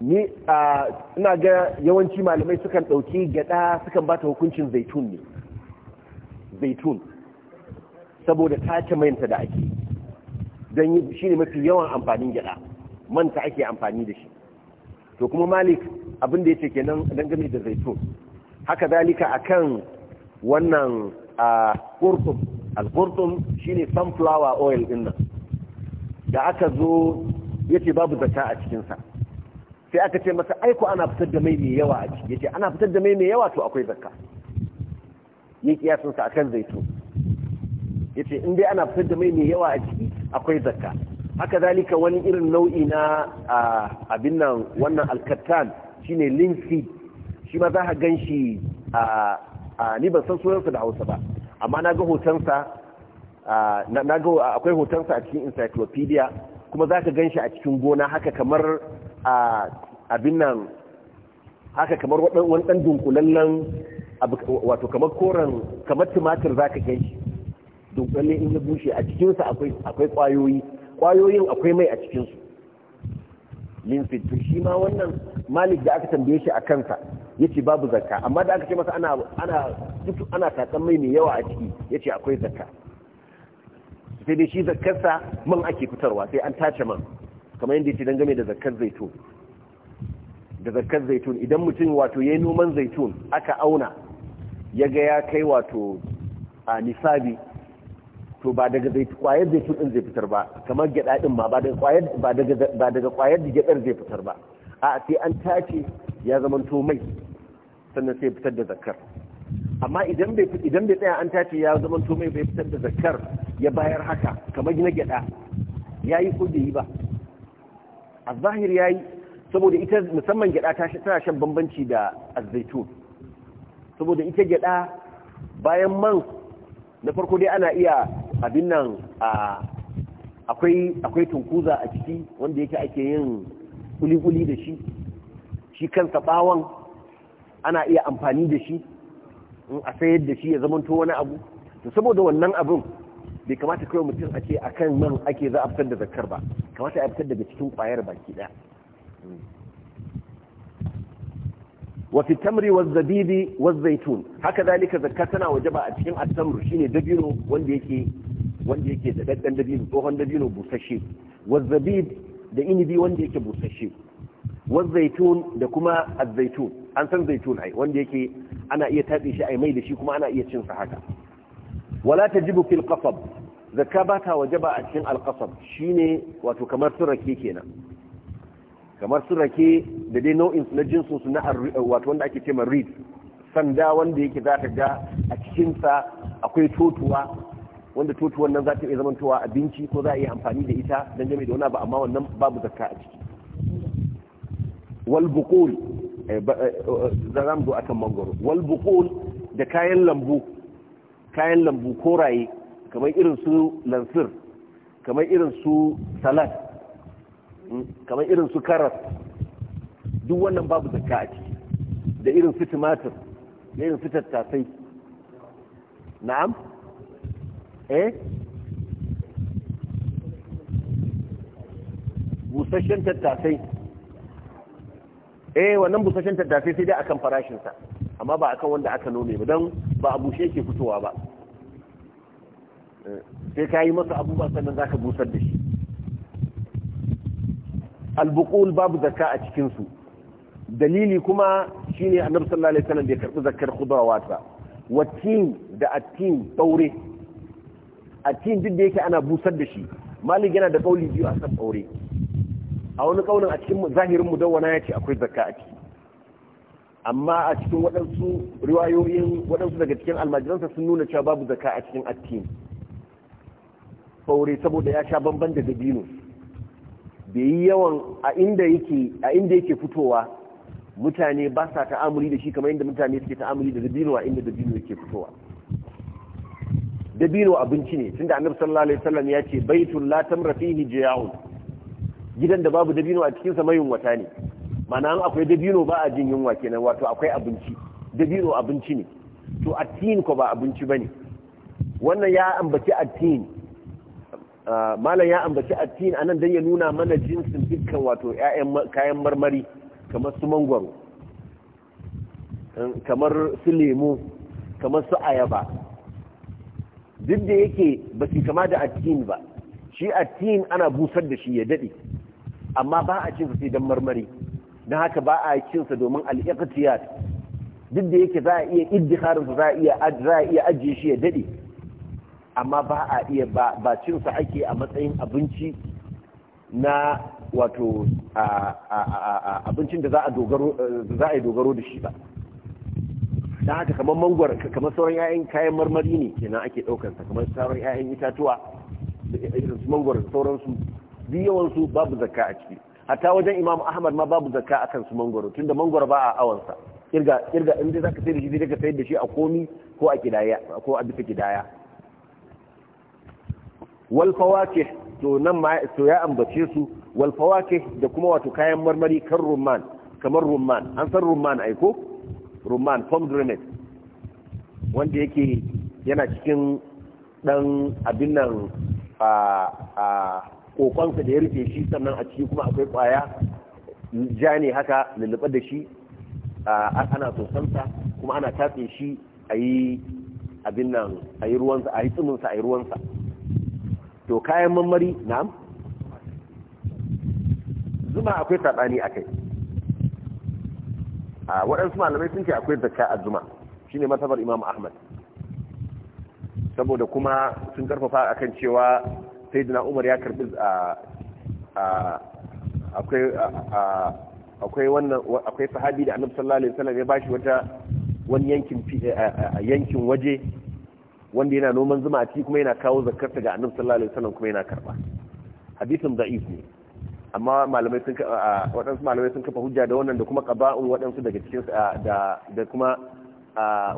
ni a ina ga yawanci malamai sukan ɗauki gyaɗa sukan bata hukuncin zaitun ne zaitun saboda tace mayanta da ake don shi ne mafi yawan amfanin gyaɗa manta ake amfani da shi to kuma malik abin da ya ce kenan dangane da zaitun haka zalika kan wannan a kurtum al shi ne sunflower oil din da aka zo ya ce babu zata a cikinsa sai aka ce masa aiko ana fitar da mai mai yawa a ciki yace ana fitar da mai mai yawa to akwai zakka yi kiyasin sa akan zaitun yace in dai ana fitar da mai mai yawa a ciki akwai zakka haka zalika wani irin nau'i na abin nan wannan alkatan shine linsi shi ma za ka gan shi a ni ban san sunansa da hausa ba amma na ga hotonsa na ga akwai hotonsa a cikin encyclopedia kuma za ka gan shi a cikin gona haka kamar a abin nan haka kamar wani ɗan dunkulallen wato kamar koren kamar tumatir za ka ganshi dunkulallen in ya bushe a cikinsa akwai ƙwayoyi ƙwayoyin akwai mai a cikinsu linfid to shi ma wannan malik da aka tambaye shi a kansa ya ce babu zakka amma da aka ce masa ana ana tatsan mai mai yawa a ciki ya ce akwai zakka sai dai shi zakkarsa man ake fitarwa sai an tace man kamar yadda ke dangane da zakar zaitun da zakar zaitun idan mutum wato ya yi noman zaitun aka auna ya ga ya kai wato a nisabi to ba daga kwayar zaitun din zai fitar ba kamar gyada din ma ba daga kwayar da gyadar zai fitar ba a sai an tace ya zamanto mai sannan sai fitar da zakar amma idan bai idan bai tsaya an tace ya zamanto mai bai fitar da zakar ya bayar haka kamar na gyada yayi ko yi ba a zahir ya saboda ita musamman gyada tana shan bambanci da azaitun saboda ita gyada bayan man na farko dai ana iya abin nan akwai tunkuza a ciki wanda yake ake yin kuli da shi shi kansa bawon ana iya amfani da shi a sayar da shi ya zamanto wani abu to saboda wannan abin bai kamata kawai mutum a ce akan man ake za a fitar da zakar ba kamata a fitar daga cikin kwayar baki ɗaya. wa fi tamri wa zabibi wa zaitun haka zalika zakka tana wajaba a cikin at-tamr shine dabino wanda yake wanda yake da daddan dabino tsohon dabino busasshe wa zabib da inibi wanda yake busasshe wa zaitun da kuma az-zaitun an san zaitun ai wanda yake ana iya tatse shi ai mai da shi kuma ana iya cin sa haka wala ta jibu fil qasab zakka ba ta wajaba a cikin alqasab shine wato kamar su rake kenan kamar su rake da dai nau'in na jinsin su na wato wanda ake cewa reed sanda wanda yake za ta ga a cikin sa akwai totuwa wanda totuwan nan za ta iya zamantowa abinci ko za a yi amfani da ita don game da wani abu amma wannan babu zakka a ciki wal buqul eh, eh, eh, za mu zo akan mangoro wal buqul da kayan lambu kayan lambu koraye kamar irin su lansir kamar irin su salad hmm, kamar irin su karas duk wannan babu zakka a ciki da irin su tumatir da irin su tattasai na'am eh busasshen tattasai eh wannan busasshen tattasai sai dai akan farashinsa amma ba akan wanda aka nome ba don ba a bushe ke fitowa ba sai ka yi masa abubuwa sannan za ka busar da shi albukul babu zakka a cikinsu dalili kuma shine annabi sallallahu alaihi wasallam bai karbi zakkar kudawa wata wattin da attin tsaure attin duk da yake ana busar da shi malik yana da kauli biyu a kan tsaure a wani kaulin a cikin zahirin mudawwana ce akwai zakka a ciki amma a cikin waɗansu riwayoyin waɗansu daga cikin almajiransa sun nuna cewa babu zaka a cikin attin faure saboda ya sha bamban da dabino bai yi yawan a inda yake a inda yake fitowa mutane ba sa ta'amuri da shi kamar inda mutane suke ta'amuri da dabino a inda dabino yake fitowa dabino abinci ne tunda annabi sallallahu alaihi wasallam ya ce baitul la tamra fihi jiyaun gidan da babu dabino a cikin sa mayun wata ne mana an akwai dabino ba a jin yunwa kenan wato akwai abinci dabino abinci ne to atin ko ba abinci bane wannan ya ambaci atin ah, malam ya ambaci atin anan dan ya nuna mana jinsin dukkan wato ƴaƴan kayan marmari kamar su mangwaro eh, kamar su lemu kamar su ayaba duk da yake ba su kama da atin ba shi atin ana busar da shi ya daɗe amma ba a cin sai dan marmari don haka ba a cinsa domin al'iqtiyat duk da yake za a iya iddiharinsa za a iya ajiye shi ya daɗe amma ba a iya ba cinsa ake a matsayin abinci na wato abincin da za a yi dogaro da shi ba don haka kamar mangwar kamar sauran 'ya'yan kayan marmari ne kenan ake ɗaukansa kamar sauran 'ya'yan itatuwa irin su mangwar sauransu biyawansu babu zakka a ciki hatta wajen imam ahmad ma babu zakka a su mangoro tunda mangoro ba a awansa kirga kirga in dai zaka sayar da shi ka sayar da shi a komi ko a kidaya ko a bisa kidaya wal fawakih to nan ma to ya ambace su wal fawakih da kuma wato kayan marmari kan rumman kamar rumman an san rumman ai ko rumman pomegranate wanda yake yana cikin dan abin nan a a kokonsa da ya rufe shi sannan a ciki kuma akwai kwaya ja ne haka lullube da shi ana sosansa kuma ana tatse shi a yi abin nan a yi ruwansa a yi tsiminsa a yi ruwansa to kayan mammari na'am zuma akwai saɓani a kai a waɗansu malamai sun ce akwai zakka a zuma Shi ne matabar imam ahmad saboda kuma sun karfafa akan cewa sayyidina umar ya karbi akwai akwai wannan akwai sahabi da annabi sallallahu alaihi wasallam ya bashi wata wani yankin yankin waje wanda yana noman zuma a ciki kuma yana kawo zakarta ga annabi sallallahu alaihi wasallam kuma yana karba hadisin da'if ne amma malamai sun waɗansu malamai sun kafa hujja da wannan da kuma qaba'un waɗansu daga cikin da da kuma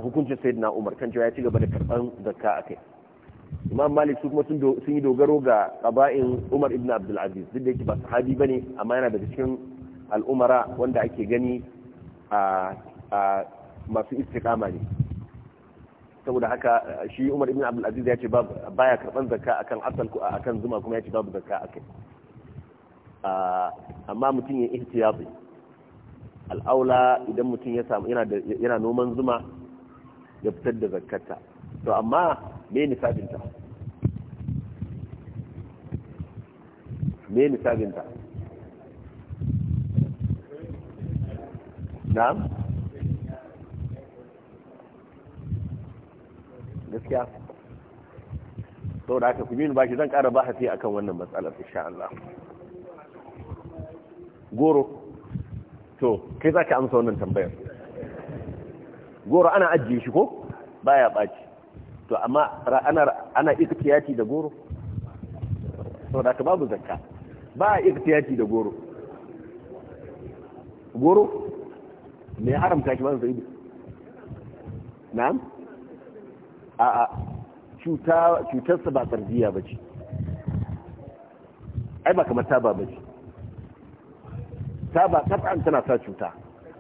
hukuncin sayyidina Umar kan cewa ya ci gaba da karban zakka akai imam malik su kuma sun yi dogaro ga ƙaba'in umar ibn abdulaziz duk da yake ba sahabi ba ne amma yana daga cikin al'umara wanda ake gani a masu istiqama ne saboda haka shi umar ibn abdulaziz ya ce baya karban zakka akan asal akan zuma kuma ya ce babu zakka akai amma mutum ya ihtiyati al'aula idan mutum ya yana noman zuma ya fitar da zakkata. to amma me nisabinta me sabinta na'am gaskiya sau da aka ba baki zan kara bahasi akan wannan matsalar insha Allah goro to kai za ka amsa wannan tambayar goro ana ajiye shi ko baya ɓaci to amma ana ana iktiyati da goro saboda ka babu zakka ba a iktiyati da goro goro mai haramta ki ba zai na'am a a cuta cutarsa ba tsardiya ba ce ai ba kamar taba ba ce taba kat'an tana sa cuta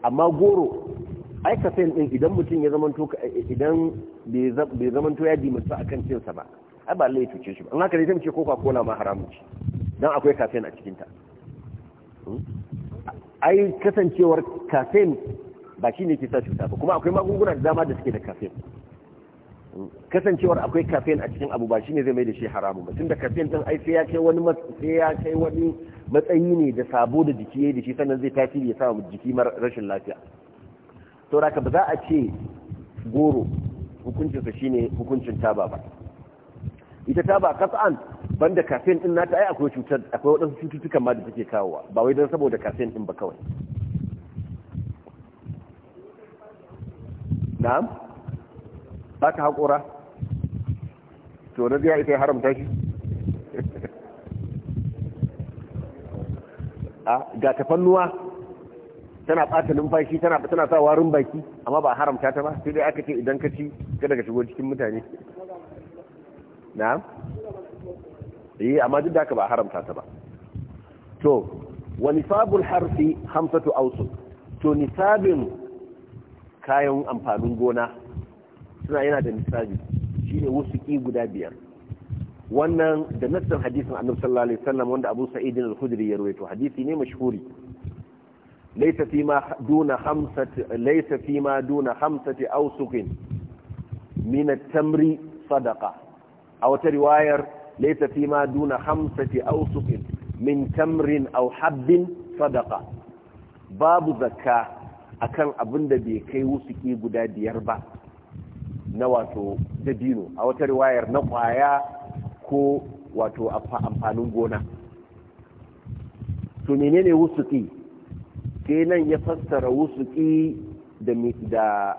amma goro ai yin din idan mutum ya zama to idan bai to ya dimanta a kan cinsa ba ai ba Allah ya tuce shi ba An haka ne zai ce coca cola ma haramun ce dan akwai kafin a cikin ta hmm? ai kasancewar kafin ba ne ke sa cuta ba kuma akwai magunguna da dama da suke da kafin. Hmm? kasancewar akwai kafin a cikin abu ba shi ne zai mai da shi haramun ba tunda kafin din ai sai ya kai wani sai ya kai wani matsayi ne da sabo da jiki yayi da shi sannan zai tasiri ya sa jiki rashin lafiya to raka ba za a ce goro hukuncinsa shi ne hukuncin taba ba ita taba kasan banda kafin din nata ai akwai cutar akwai waɗansu cututtuka ma da take kawowa ba wai don saboda kafin din ba kawai na'am ba ta haƙura to na biya ita ya haramta shi a ah, ga tafannuwa tana ɓata numfashi tana tana sa warin baki amma ba haramta ta ba sai dai aka ce idan ka ci kada ka shigo cikin mutane Na, eh amma duk da ka ba haramta ta ba to wa nisabul harfi hamsatu Ausu to nisabin kayan amfanin gona suna yana da nisabi shine wusuki guda biyar wannan da nassan hadisin annabi sallallahu alaihi wasallam wanda Abu Sa'id al-Khudri ya rawaito hadisi ne mashhuri ليس فيما ma duna khamsati laysa fi أو tamri sadaqa aw ta riwayar laysa fi ma duna min tamrin habbin babu zakka akan abin da bai kai wusuki guda biyar ba na wato dabino a wata riwayar na kwaya ko wato amfanin gona to menene wusuki kenan nan ya fassara wusuki da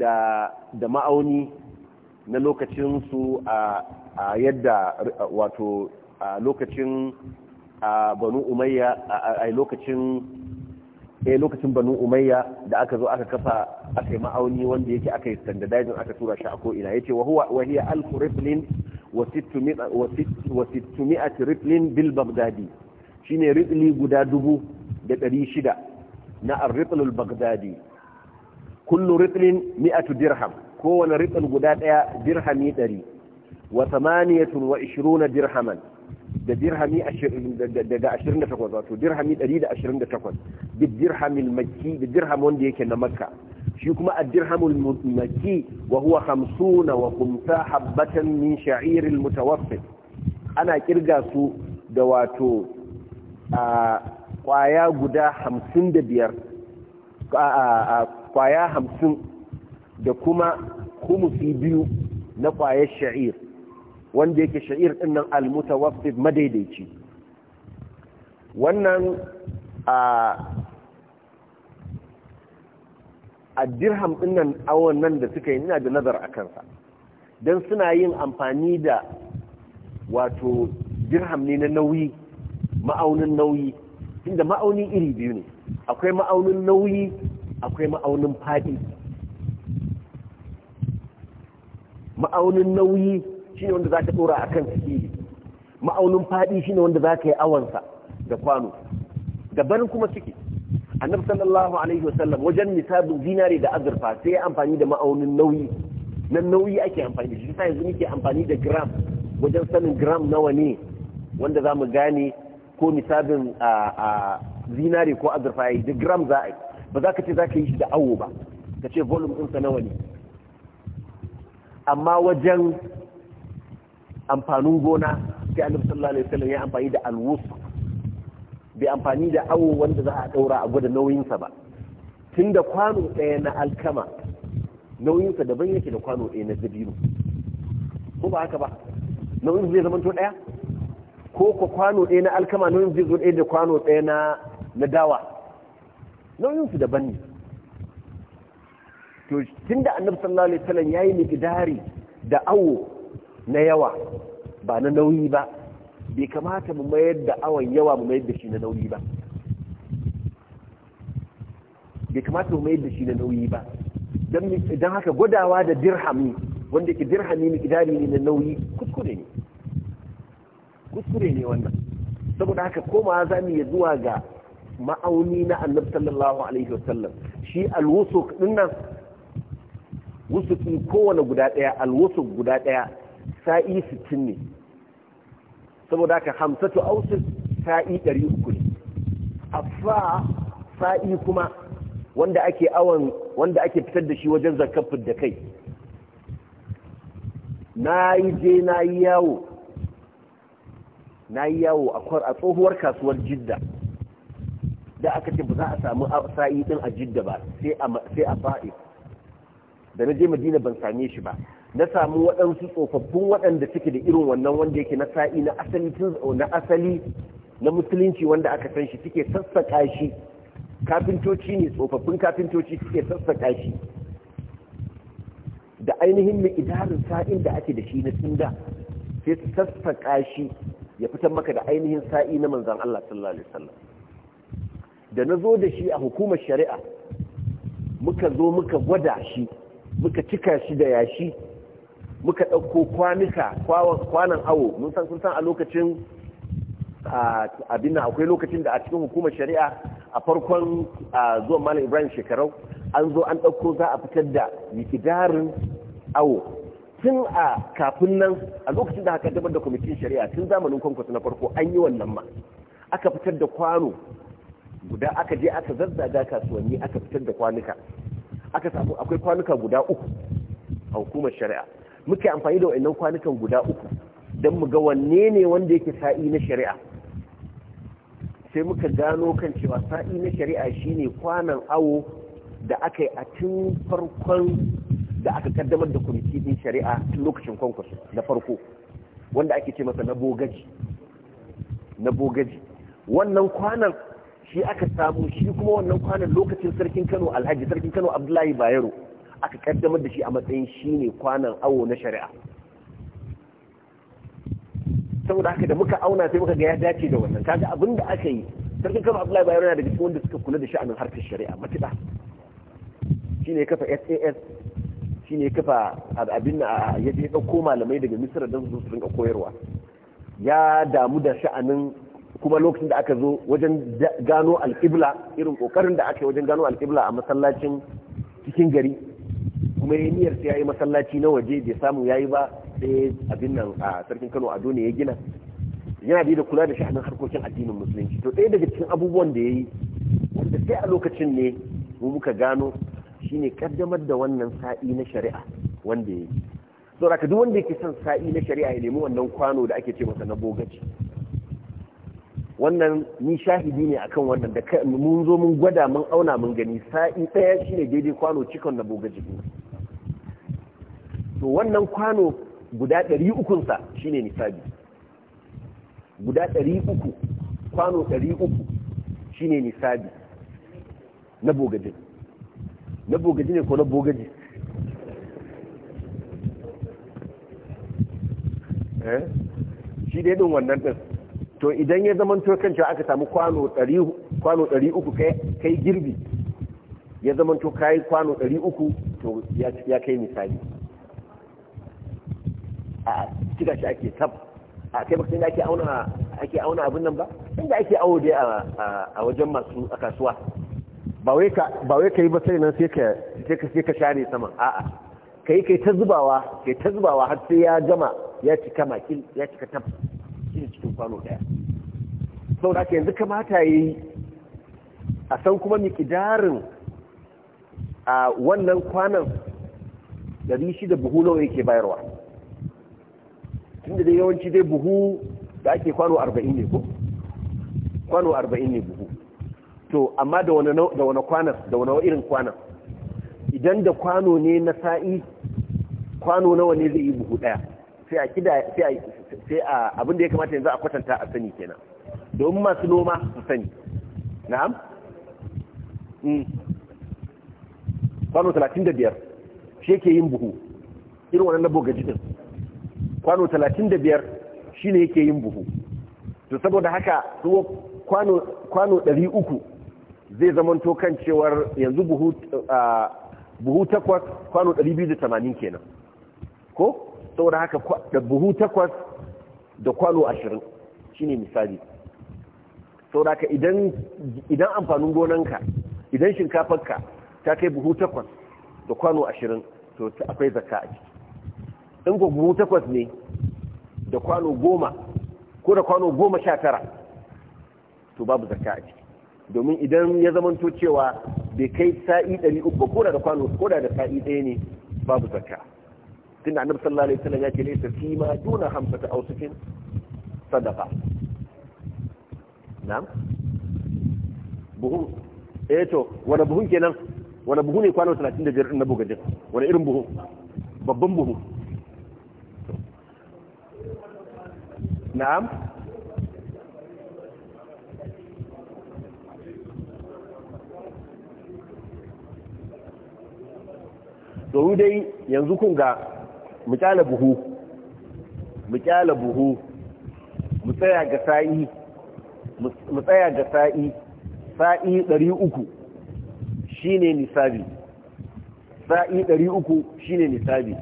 da da ma'auni na lokacin su a yadda wato a lokacin banu umayya a lokacin eh lokacin banu umayya da aka zo aka kafa aka yi ma'auni wanda yake aka yi standardizing aka tura shi a ko'ina ina yace wa hiya alf riflin wa 600 riflin bil bagdadi shine rifli guda dubu da ɗari shida na arritlul bagdadi kullu ritlin mi'atu dirham kowane ritl guda ɗaya dirhami ɗari wa samaniyatun wa ishiruna dirhaman da dirhami daga ashirin da takwas wato dirhami ɗari da ashirin da takwas da dirhamin maki da dirham wanda yake na makka shi kuma a dirhamul maki wa huwa hamsuna wa kumta habbatan min sha'irin mutawassit ana kirga su da wato a kwaya guda hamsin da biyar kwaya hamsin da kuma humusi biyu na kwayar sha'ir wanda yake sha'ir almuta wafi madaidaici wannan a dirham ɗinnan awon nan da suka yi ina da nazar a kansa don suna yin amfani da wato dirham ne na nauyi ma'aunin nauyi inda ma'auni iri biyu ne akwai ma'aunin nauyi akwai ma'aunin faɗi ma'aunin nauyi shine wanda za ka ɗora a kan ma'aunin faɗi shine wanda za ka yi awansa da kwano daban kuma ciki annabi sallallahu alaihi wasallam wajen misabin zinare da azurfa sai amfani da ma'aunin nauyi nan nauyi ake amfani da shi sai yanzu muke amfani da gram wajen sanin gram nawa ne wanda za mu gane ko misabin zinari ko azurfa yi, da gram za a yi ba za ka ce za ka yi shi da awo ba ka ce volume ɗinsa nawa ne amma wajen amfanin gona sai annabi sallallahu alaihi wasallam ya amfani da alwus bai amfani da awo wanda za a ɗaura a gwada nauyinsa ba tunda kwano ɗaya na alkama nauyinsa daban yake da kwano ɗaya na dabino ko ba haka ba nauyin zai zama to ɗaya ko ku kwano ɗaya na alkama nauyin zai zo ɗaya da kwano ɗaya na na dawa nauyin su daban ne to tun da annabi sallallahu alaihi wasallam yi miqdari da awo na yawa ba na nauyi ba bai kamata mu mayar da awon yawa mu mayar da shi na nauyi ba bai kamata mu mayar da shi na nauyi ba don haka gwadawa da dirhami wanda ke dirhami miqdari ne na nauyi kuskure ne kuskure ne wannan saboda haka koma za mu yi zuwa ga ma'auni na annabi sallallahu alaihi wasallam shi alwusuk dinnan wusuki kowane guda daya alwusuk guda daya sa'i 60 ne saboda haka hamsatu ausik sa'i 300 ne afa sa'i kuma wanda ake awan wanda ake fitar da shi wajen zakafin da kai na yi je na yi yawo na yi yawo a tsohuwar kasuwar jidda da aka ce ba za a samu sa'i din a jidda ba sai a fa'i da na je madina ban same shi ba na samu waɗansu tsofaffin waɗanda suke da irin wannan wanda yake na sa'i na asali na asali na musulunci wanda aka san shi suke sassaƙa shi kafintoci ne tsofaffin kafintoci suke sassaƙa shi da ainihin mai idarin sa'in da ake da shi na tunda sai su sassaƙa shi ya fitar maka da ainihin sa'i na manzan Allah sallallahu alaihi wasallam da na zo da shi a hukumar shari'a muka zo muka gwada shi muka cika shi da yashi muka ɗauko kwanuka kwanan awo mun san sun san a lokacin abin akwai lokacin da a cikin hukumar shari'a a farkon zuwan malam ibrahim shekarau an zo an ɗauko za a fitar da mikidarin awo tun a kafin nan a lokacin da haka dabar da kwamitin shari'a tun zamanin kwankwaso na farko an yi wannan ma aka fitar da kwano guda aka je aka zazzaga kasuwanni aka fitar da kwanuka aka samu akwai kwanuka guda uku a hukumar shari'a muke amfani da wa'annan kwanukan guda uku don mu ga wanne ne wanda yake sa'i na shari'a sai muka gano kan cewa sa'i na shari'a shine kwanan awo da aka yi a tun farkon da aka kaddamar da kwamiti din shari'a tun lokacin kwankwas na farko wanda ake ce masa na bogaji na bogaji wannan kwanan shi aka samu shi kuma wannan kwanan lokacin sarkin kano alhaji sarkin kano abdullahi bayero aka kaddamar da shi a matsayin shi ne kwanan awo na shari'a saboda haka da muka auna sai muka ga ya dace da wannan kaga abin da aka yi sarkin kano abdullahi bayero yana daga cikin wanda suka kula da sha'anin harkar shari'a matuƙa shine kafa SAS shine kafa abin da ya je dauko malamai daga Misra don su rinka koyarwa ya damu da sha'anin kuma lokacin da aka zo wajen gano alƙibla irin kokarin da aka yi wajen gano alƙibla a masallacin cikin gari kuma ya niyyar sai ya masallaci na waje bai samu ya yi ba sai abin nan a sarkin kano ado ne ya gina yana da da kula da sha'anin harkokin addinin musulunci to ɗaya daga cikin abubuwan da ya yi wanda sai a lokacin ne mu muka gano shine kaddamar da wannan sa'i na shari'a wanda yake so raka duk wanda yake son sa'i na shari'a ya nemi wannan kwano da ake ce masa na bogaci wannan ni shahidi ne akan wannan da mun zo mun gwada mun auna mun gani sa'i ɗaya shine daidai kwano cikon na bogaci to wannan kwano guda ɗari ukunsa shine nisabi guda ɗari uku kwano ɗari uku shine nisabi na bogajin na bogaji ne ko na bogaji eh? shi dai din wannan din to idan ya zama to cewa aka samu kwano 300 kwano 300 kai kai girbi ya zama to kai kwano 300 to ya kai misali a cika shi ake tab a kai baka da ake auna ake auna abin nan ba inda ake awo dai a wajen masu a kasuwa ba wai ka yi ba sai nan sai ka share sama a'a ka yi kai ta zubawa kai ta zubawa har sai ya gama ya cika makil ya cika tab cikin kwano daya sau da yanzu kamata ya yi a san kuma mikidarin a wannan kwanan dari shida buhu nawa yake bayarwa tunda dai yawanci dai buhu da ake kwano arba'in ne ko kwano arba'in ne buhu to amma da wani da wani kwanar da wani irin kwanar idan da kwano ne na sa'i kwano nawa ne zai yi buhu daya sai a kida sai a sai a abin da ya kamata yanzu a kwatanta a sani kenan domin masu noma su sani na'am mm kwano 35 shi yake yin buhu irin wannan labo gaji din kwano 35 shine yake yin buhu to saboda haka kwano kwano 300 zai zama kan cewar yanzu buhu takwas kwano 280 kenan ko saboda haka da buhu takwas da kwano 20 shine misali saboda haka idan amfanin gonanka idan shinkafarka ta kai buhu takwas da kwano 20 to akwai zakka a ciki in ko buhu takwas ne da kwano goma ko da kwano goma sha tara to babu zakka a ciki domin idan ya zamanto cewa bai kai sa'i 300 ba koda da kwano koda da sa'i ɗaya ne babu zakka da annabi sallallahu alaihi wasallam ya ce laysa fi ma duna hamsata awsukin sadaqa na'am buhu eh to wani buhun kenan wani buhu ne kwano 35 din na bugajin wani irin buhu babban buhu na'am domin dai yanzu kun ga mu buhu mu buhu mu tsaya ga sa'i mutsaya ga sa'i sa'i 300 shine nisabi sa'i 300 shine nisabi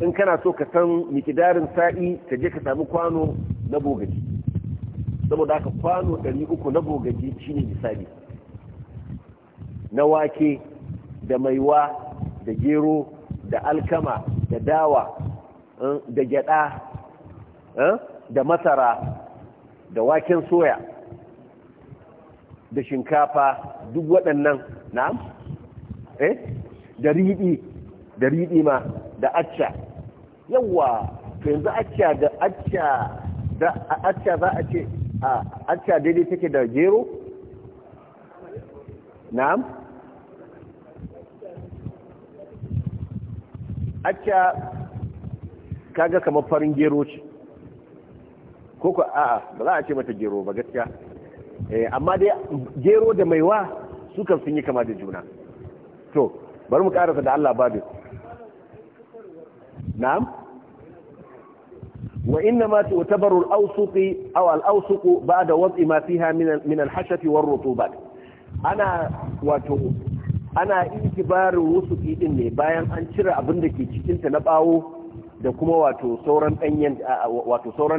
in kana so ka san mikidarin sa'i ka je ka sami kwano na bogaji saboda haka kwano 300 na bogaji shine nisabi na wake da maiwa da gero da alkama da dawa eh, da gyada eh, da masara da waken soya da shinkafa duk waɗannan na'am eh da riɗi da riɗi ma da acca Yawwa to yanzu acca da acca da acca za a ce a acca daidai take da gero na'am ka kaga kamar farin gero ce ko ko a'a ba za a ce mata gero ba gaskiya eh, amma dai gero da maiwa su kan sun yi kama da juna to bari mu karasa da Allah babu na'am wa inna ma tu'tabaru al-awsuqi aw al-awsuqu ba'da wad'i ma fiha min al hashati war rutubati ana wato ana ikibarin wasu ɗin ne bayan an cire abin da ke cikinta na bawo da kuma wato sauran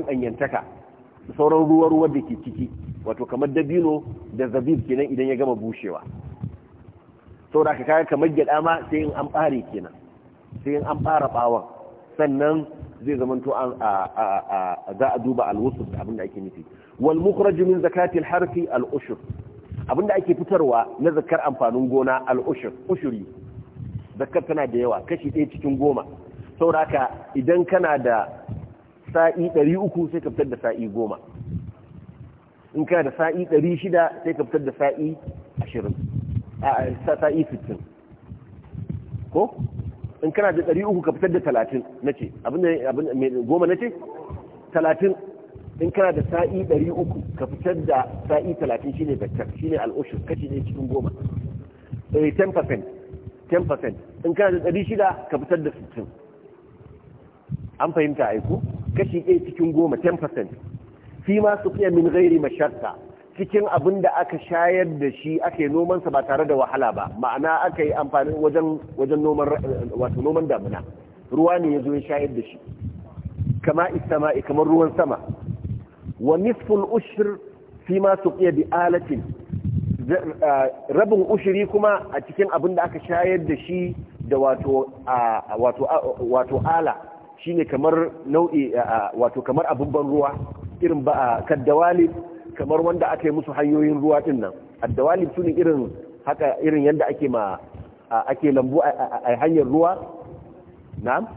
ɗanyantaka sauran ruwa ruwa da ke ciki wato kamar dabino da zabib kenan idan ya gama bushewa sau da kai kamar gyaɗa ma sai in an bare kenan sai in an ɓara ɓawon sannan zai zama to za a duba alwusuf abin da ake nufi wal mukhraj min zakati harfi al ushur abinda ake fitarwa na zakar amfanin gona al'ushur ushuri zakar tana da yawa kashi ɗaya cikin goma sauraka idan kana da sa'i ɗari uku sai ka fitar da sa'i goma in kana da sa'i ɗari shida sai ka fitar da sa'i ashirin a sa'i sittin ko in kana da ɗari uku ka fitar da talatin na ce abinda goma na ce talatin in kana da sa'i ɗari uku ka fitar da sa'i talatin shine zakkar shine al'ushur kashi ne cikin goma eh 10% 10% in kana da ɗari shida ka fitar da sittin an fahimta aiku kashi ɗaya cikin goma 10% fi ma su fiye min gairi mashakka cikin abin da aka shayar da shi aka yi nomansa ba tare da wahala ba ma'ana aka yi amfani wajen wajen noman wato noman damuna ruwa ne ya zo ya shayar da shi kama istama'i kamar ruwan sama wa nisful ushir fi ma suqiya bi alatin rabin ushiri kuma a cikin abin da aka shayar da shi da wato wato ala shine kamar nau'i wato kamar abin ban ruwa irin ba kaddawali kamar wanda aka yi musu hanyoyin ruwa din nan addawali su irin haka irin yadda ake ma ake lambu a hanyar ruwa na'am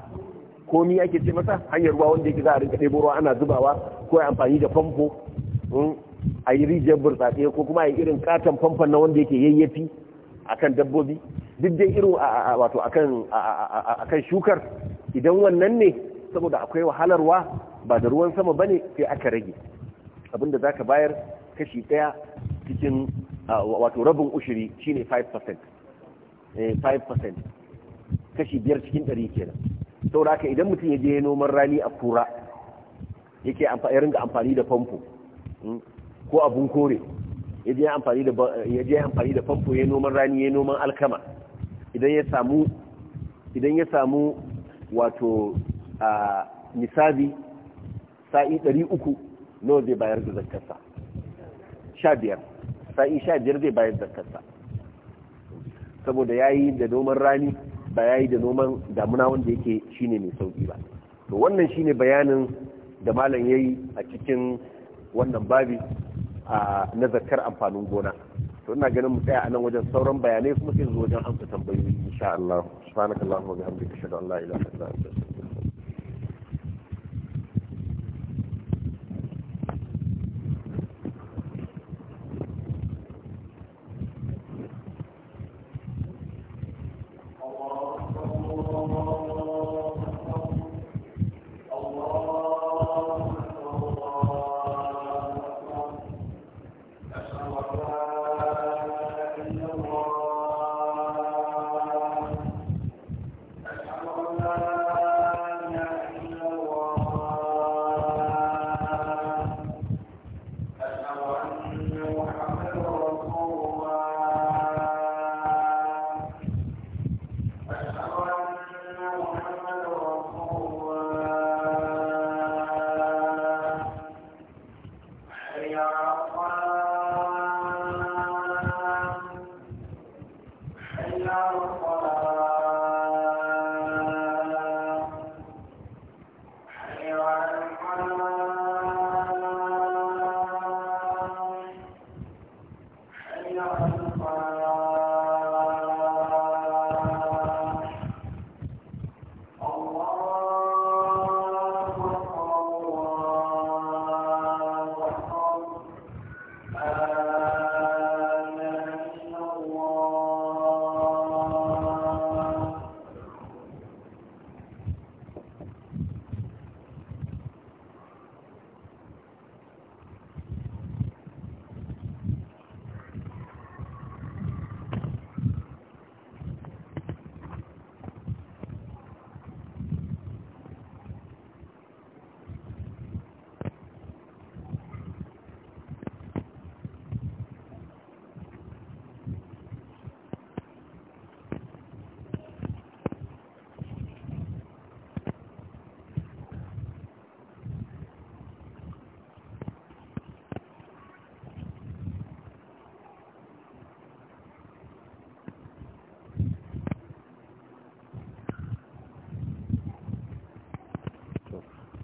komi ake ce masa hanyar ruwa wanda yake za a rinka ɗebo ruwa ana zubawa ko amfani da famfo hmm, a yi rijiyar burtsatse ko kuma a yi irin katon famfon na wanda yake yayyafi akan dabbobi duk dai irin wato kan shukar idan wannan ne saboda akwai wahalarwa ba da ruwan sama ba ne sai aka rage abinda za ka bayar kashi daya cikin wato rabin ushiri shine 5% 5% eh, kashi biyar cikin ɗari kenan saboda haka idan mutum ya je noman rani a kura yake amfani ringa amfani da famfo hmm, ko abun kore ya je amfani da famfo ya noman rani ya noman alkama idan ya samu idan ya samu wato a nisabi sa'i 300 nawa zai bayar da zakarsa 15 sa'i 15 zai bayar da zakarsa saboda ya yi da noman rani ba ya yi da noman damuna wanda yake shine mai sauki ba to wannan shine bayanin da malam ya yi a cikin wannan babi a nazarkar amfanin gona to ina ganin mu tsaya a nan wajen sauran bayanai kuma sai zo wajen amsa tambayoyi insha Allah subhanakallahumma wa bihamdika ashhadu an la ilaha illa anta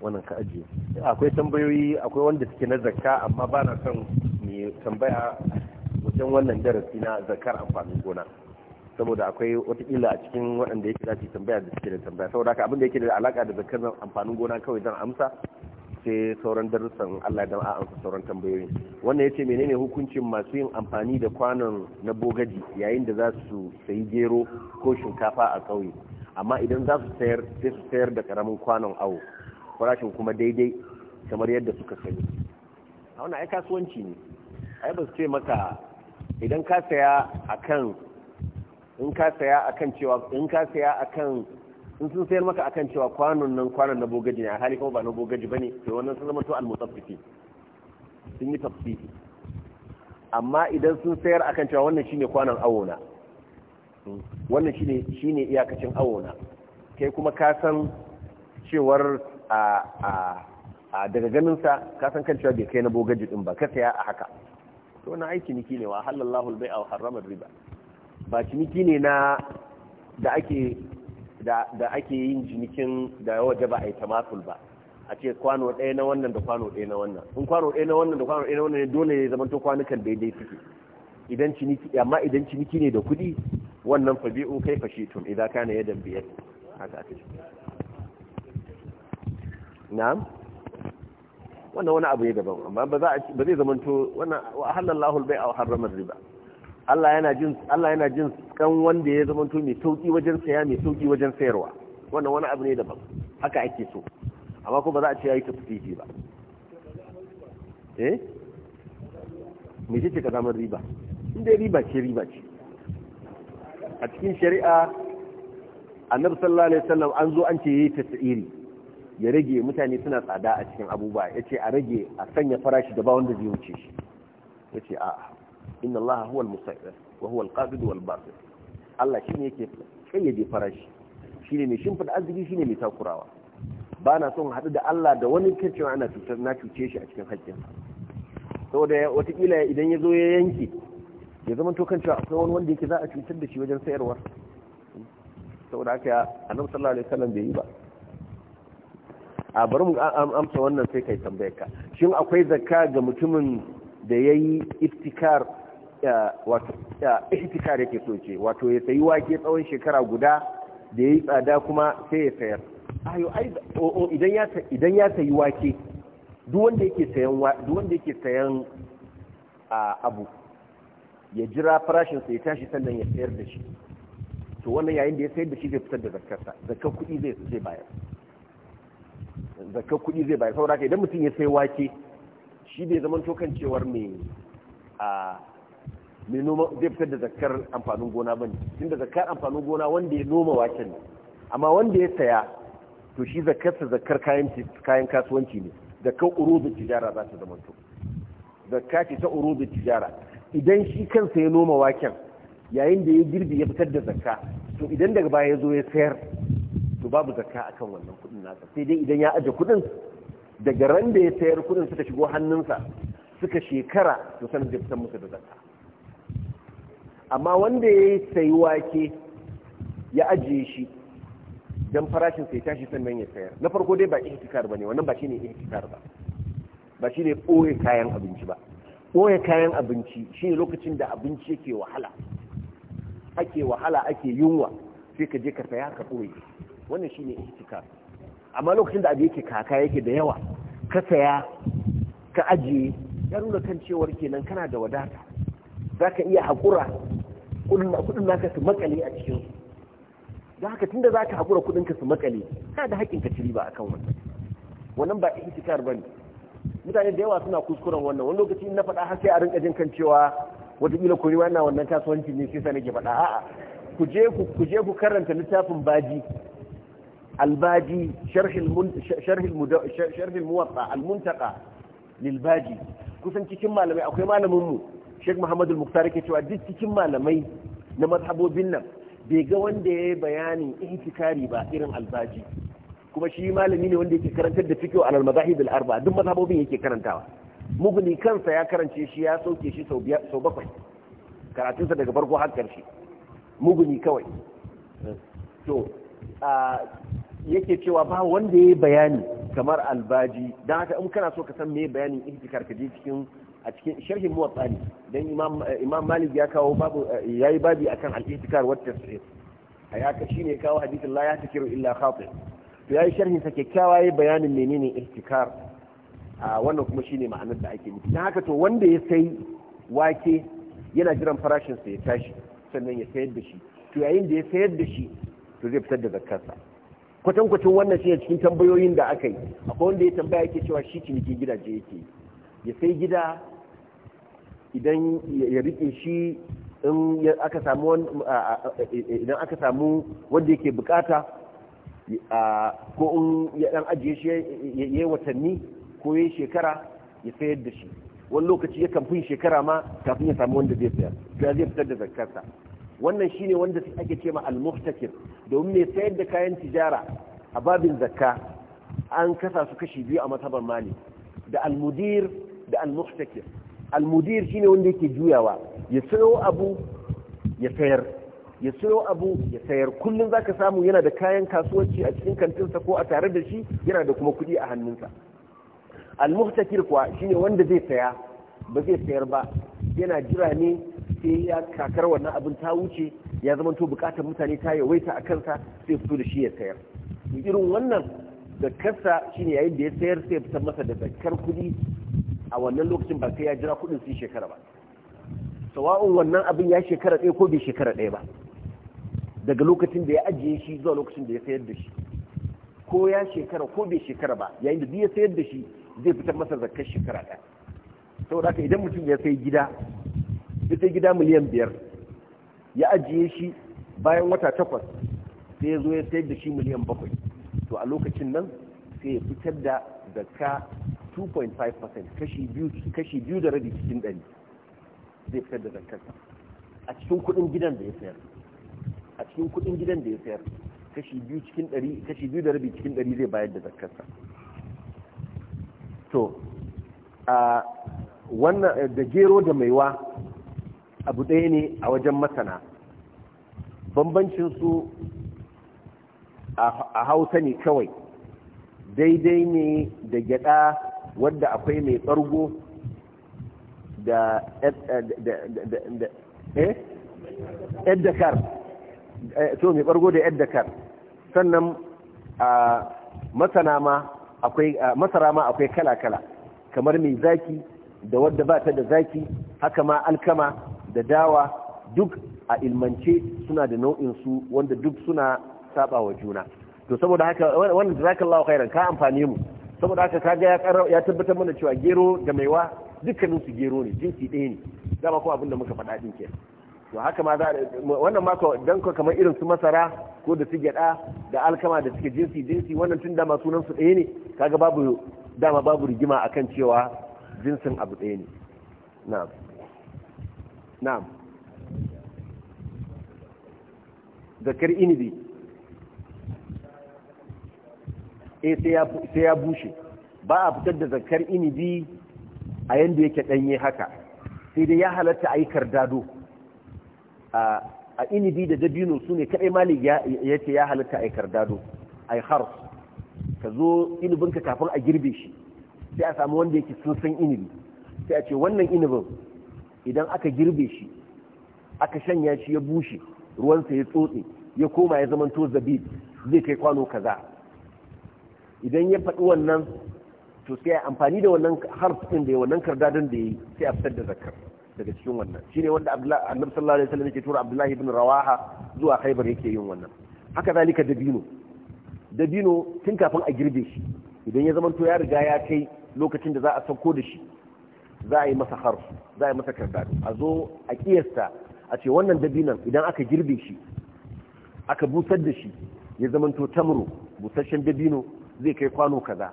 wannan ka ajiye akwai tambayoyi akwai wanda suke na zakka amma ba na son mai tambaya wajen wannan darasi na zakkar amfanin gona saboda akwai watakila a cikin waɗanda yake za su tambaya da suke da tambaya saboda haka abin da yake da alaka da zakkar amfanin gona kawai zan amsa sai sauran darussan Allah dan a amsa sauran tambayoyin wannan yace menene hukuncin masu yin amfani da kwanon na bogaji yayin da za su sayi gero ko shinkafa a kauye amma idan za su sayar sai su sayar da karamin kwanon awo farashin kuma daidai kamar yadda suka sani a wani ai kasuwanci ne ai ba su ce maka idan ka saya a kan in ka saya a kan cewa in ka saya kan in sun sayar maka akan cewa kwanon nan kwanon na bogaji ne a hali kuma ba na bogaji ne. Sai wannan sun zama to al-mutaffifi sun yi tafsiri amma idan sun sayar akan cewa wannan shine kwanon awona wannan shine shine iyakacin awona kai kuma ka san cewar a daga ganinsa ka san kan cewa bai kai na bogaji din ba ka saya a haka to wannan aiki niki ne wa halallahu al-bai'a wa harrama riba ba ciniki ne na da ake da da ake yin cinikin da yawa da ba a yi tamasul ba a ce kwano ɗaya na wannan da kwano ɗaya na wannan in kwano ɗaya na wannan da kwano ɗaya na wannan dole ne zamanto kwanukan daidai suke idan ciniki amma idan ciniki ne da kuɗi wannan fabi'u kai fashitun idan kana yadan biyar haka ake na'am wannan wani abu ne daban amma ba za ba zai to wannan wa halallahu al-bai'a wa harrama riba Allah yana jin Allah yana jin kan wanda ya to mai sauki wajen saya mai sauki wajen sayarwa wannan wani abu ne daban haka ake so amma ko ba za a ce yayi tafsiri ba eh me ce ka zama riba inda riba ce riba ce a cikin shari'a annabi sallallahu alaihi wasallam an zo an ce yayi tasiri ya rage mutane suna tsada a cikin abubuwa ya ce a rage a sanya farashi da ba wanda zai wuce shi ya ce a inna Allah huwal musa'ir wa huwal qabid wal basir Allah shine yake kayyade farashi shine mai da arziki shine mai takurawa ba na son haɗu da Allah da wani kirkin ana cutar na cuce shi a cikin haƙƙin saboda watakila idan ya zo ya yanke ya zama to cewa akwai wani wanda yake za a cutar da shi wajen sayarwa saboda haka annabi sallallahu alaihi wasallam bai yi ba a bari mu amsa wannan sai kai tambayar ka shin akwai zakka ga mutumin da yayi iftikar wato iftikar yake so ce wato ya sayi wake tsawon shekara guda da yayi tsada kuma sai ya sayar ayo ai idan ya idan ya sayi wake duk wanda yake sayan duk wanda yake sayan abu ya jira farashin sa ya tashi sannan ya sayar da shi to wannan yayin da ya sayar da shi zai fitar da zakkarsa zakkar kuɗi zai bayar zakar kuɗi zai bayar saboda idan mutum ya sai wake shi bai zama tokan cewar mai a mai noma zai fitar da zakar amfanin gona bane da zakar amfanin gona wanda ya noma waken ne amma wanda ya saya to shi zakar sa zakar kayan kayan kasuwanci ne zakar urubin tijara za ta zama to zakka ce ta urubin tijara idan shi kansa ya noma waken yayin da ya girbi ya fitar da zakka to idan daga baya ya zo ya sayar to babu zakka akan wannan kudin nasa sai dai idan ya aje kudin daga ran da ya sayar kudin suka shigo hannunsa suka shekara to sanin da fitan musu da zakka amma wanda ya sayi wake ya ajiye shi dan farashin sai tashi sannan ya sayar na farko dai ba ihtikar bane wannan ba shine ihtikar ba ba shine boye kayan abinci ba boye kayan abinci shine lokacin da abinci yake wahala ake wahala ake yunwa sai ka je ka saya ka boye wannan ne ihtikaf amma lokacin da abu yake kaka yake da yawa ka saya ka ajiye ya nuna kan cewar kenan kana da wadata za ka iya haƙura kudin naka su makale a cikin da haka tunda za ka haƙura kudin ka su makale kana da haƙin ka ci riba akan wannan wannan ba ihtikar ne. mutane da yawa suna kuskuren wannan wani lokaci na faɗa har sai a rinka jin kan cewa wataƙila ku riwa na wannan kasuwanci ne sai sa nake faɗa a'a ku je ku karanta littafin baji الباجي شرح المن... شرح المد... شرح الموطا المنتقى للباجي كسن cikin malamai akwai malamin mu Sheikh Muhammad Al-Muqtar yake cewa duk cikin malamai na mazhabobin nan bai ga wanda yayi bayanin ihtikari ba irin albaji kuma shi malami ne wanda yake karantar da fiqh al madahib al arba duk mazhabobin yake karantawa mugni kansa ya karance shi ya sauke shi sau biya sau bakwai karatunsa daga farko har karshe mugni kawai to yake cewa ba wanda ya yi bayani kamar albaji don haka in kana so ka san me bayanin ihtikar ka je cikin a cikin sharhin muwatta ne don imam malik ya kawo babu yayi babi akan al-ihtikar wa tasrif aya ka shine kawo hadisin la yahtikiru illa khati to yi sharhin sa kyakkyawa yayi bayanin menene ihtikar a wannan kuma shine ma'anar da ake nufi dan haka to wanda ya sai wake yana jiran farashin sa ya tashi sannan ya sayar da shi to yayin da ya sayar da shi to zai fitar da zakkarsa kwatankwacin wannan shi cikin tambayoyin da aka yi akwai wanda ya tambaya yake cewa shi ciniki gidaje yake ya sai gida idan ya rike shi in aka samu idan aka samu wanda yake bukata ko in ya dan ajiye shi ya yi watanni ko ya yi shekara ya sayar da shi wani lokaci ya kamfin shekara ma kafin ya samu wanda zai sayar zai fitar da wannan shine wanda ake ce ma al domin mai sayar da kayan tijara a babin zakka an kasa su kashi biyu a matsabar mali da almudir da al almudir al-mudir wanda yake juyawa ya sayo abu ya sayar ya sayo abu ya sayar kullum zaka samu yana da kayan kasuwanci a cikin kantinsa ko a tare da shi yana da kuma kuɗi a hannunsa al-muhtakir kuwa shine wanda zai saya ba zai sayar ba yana jira ne sai ya kakar wannan abin ta wuce ya zama to bukatar mutane ta yawaita a kansa sai fito da shi ya sayar irin wannan da shi shine yayin da ya sayar sai ya masa da zakar kuɗi a wannan lokacin ba sai ya jira kudin su shekara ba sawa'un wannan abin ya shekara ɗaya ko bai shekara ɗaya ba daga lokacin da ya ajiye shi zuwa lokacin da ya sayar da shi ko ya shekara ko bai shekara ba yayin da duk ya sayar da shi zai fitar masa zakar shekara ɗaya saboda haka idan mutum ya sai gida da sai gida miliyan biyar ya ajiye shi bayan wata takwas sai ya zo ya sayar da shi miliyan bakwai to a lokacin nan sai ya fitar da zakka 2.5% kashi biyu kashi biyu da rabi cikin ɗari zai fitar da zakkarsa a cikin kuɗin gidan da ya sayar a cikin kuɗin gidan da ya sayar kashi biyu cikin ɗari kashi biyu da rabi cikin ɗari zai bayar da zakkarsa to a wannan da gero da maiwa abu ɗaya ne a wajen masana su a hausa ne kawai daidai ne da gyada wadda akwai mai tsargo da eddakar eh, eh? eh, to mai ɓargo da eddakar sannan masana ma akwai masara ma akwai kala-kala kamar mai zaki da wadda ba ta da zaki haka ma alkama da dawa duk a ilmance suna da nau'insu wanda duk suna saba wa juna to saboda haka wannan jazakallahu khairan ka amfane mu saboda haka kaga ya ya tabbatar mana cewa gero da maiwa dukkanin su gero ne jinsi ɗaya ne dama ko abin da muka faɗa din kenan to haka ma za wannan ma dan ko kamar irin su masara ko da su gyada da alkama da suke jinsi jinsi wannan tun dama sunan su ɗaya ne kaga babu dama babu rigima akan cewa jinsin abu ɗaya ne na'am na'am zakar inibi eh sai ya bushe ba a fitar da zakar inibi a yanda yake danye haka sai dai ya halatta a yi kardado a inibi da dabino sune ne kaɗai malik ya ce ya halatta a yi kardado a yi ka zo inibinka kafin a girbe shi sai a samu wanda yake sun san inibi sai a ce wannan inibin idan aka girbe shi aka shanya shi ya bushe ruwansa ya tsotse ya koma ya zama to zabib zai kai kwano kaza idan ya faɗi wannan to sai amfani da wannan harf din da wannan kardadin da yi sai a fitar da zakar daga cikin wannan shine wanda annabi sallallahu alaihi wasallam yake tura abdullahi ibn rawaha zuwa khaybar yake yin wannan haka zalika dabino dabino tun kafin a girbe shi idan ya zama to ya riga ya kai lokacin da za a sauko da shi za a yi masa har za a yi masa kardado a zo a kiyasta a ce wannan dabinan idan aka girbe shi aka busar da shi ya zamanto tamro busasshen dabino zai kai kwano kaza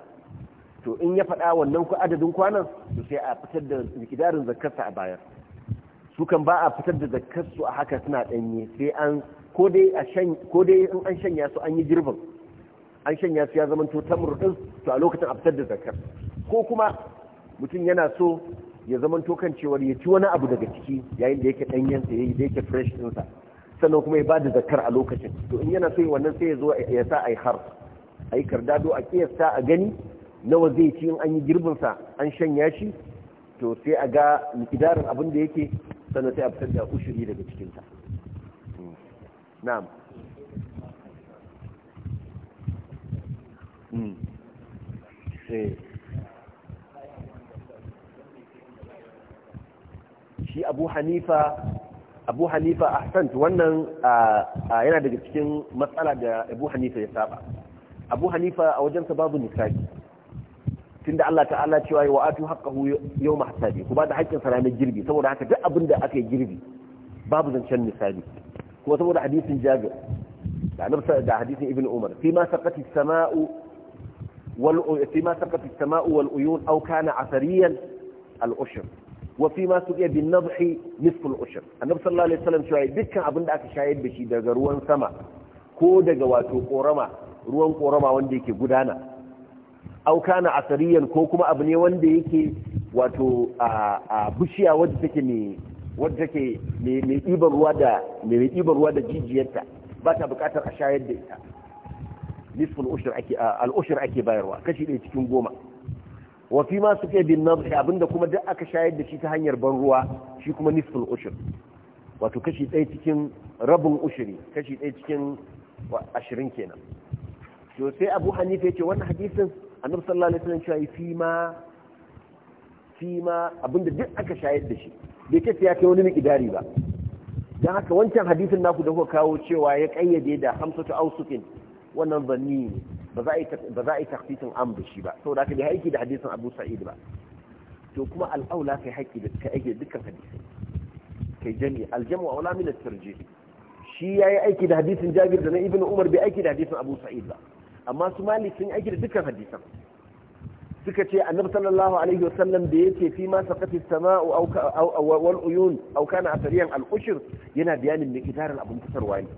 to in ya faɗa wannan ku adadin kwanan to sai a fitar da zikidarin zakarsa a bayar su kan ba a fitar da zakarsu a haka suna ɗanye sai an ko dai in an shanya su an yi girbin an shanya su ya zamanto tamur ɗin to a lokacin a fitar da zakar ko kuma mutum yana so ya zaman tokan cewar ya ci wani abu daga ciki yayin da yake ɗanyensa yayin da yake fresh sa sannan kuma ya ba da zakar a lokacin to in yana so wannan sai ya zo ya sa ai har ai kardado a kiyasta a gani nawa zai ci in an yi girbin sa an shanya shi to sai a ga idarin abin da yake sannan sai a fitar da ushiri daga cikinta na'am Mm. shi abu hanifa abu hanifa ahsant wannan yana daga cikin matsala da abu hanifa ya saba abu hanifa a wajensa babu nisabi tunda Allah ta'ala cewa wa atu haqqahu yawma hasadi ku ba da haƙƙin sa girbi saboda haka duk abin da aka yi girbi babu zancen nisabi kuma saboda hadisin jabir da annabi da hadisin ibn umar fi ma saqati as-sama'u wal fi ma saqati as-sama'u wal uyun aw kana asariyan al-ushr wa fi ma su iya bin nadhi nisful ushur annabi sallallahu alaihi wasallam cewa dukkan abin da aka shayar da shi daga ruwan sama ko daga wato korama ruwan korama wanda yake gudana au kana asariyan ko kuma abu ne wanda yake wato a bishiya wanda take ne wadda take mai ɗiban ruwa da mai ɗiban ruwa da jijiyarta ba ta buƙatar a shayar da ita nisful ushur ake al ushur ake bayarwa kashi ɗaya cikin goma wa fi ma suke bin nan abinda kuma duk aka shayar da shi ta hanyar ban ruwa shi kuma nisful ushur wato kashi ɗaya cikin rabin ushuri kashi ɗaya cikin ashirin kenan to sai abu hanifa ya ce wannan hadisin annabi sallallahu alaihi wasallam cewa fi ma fi ma abinda duk aka shayar da shi bai ce ya kai wani miƙidari ba dan haka wancan hadisin naku da kuka kawo cewa ya kayyade da hamsatu ausukin wannan zanni ne ba za a yi takfisin am da shi ba saboda haka bai aiki da hadisin abu sa'id ba to kuma al'aula kai haƙƙi da ka aiki dukkan hadisai kai jami aljamu a min at-tarjih shi yi aiki da hadisin Jabir da na Ibn Umar bai aiki da hadisin Abu Sa'id ba amma su Malik sun aiki da dukkan hadisan suka ce annabi sallallahu alaihi wasallam da yake fi ma saqati as-sama'u aw wal uyun aw kana athariyan al-ushr yana bayanin miqdarin abun fitarwa wani.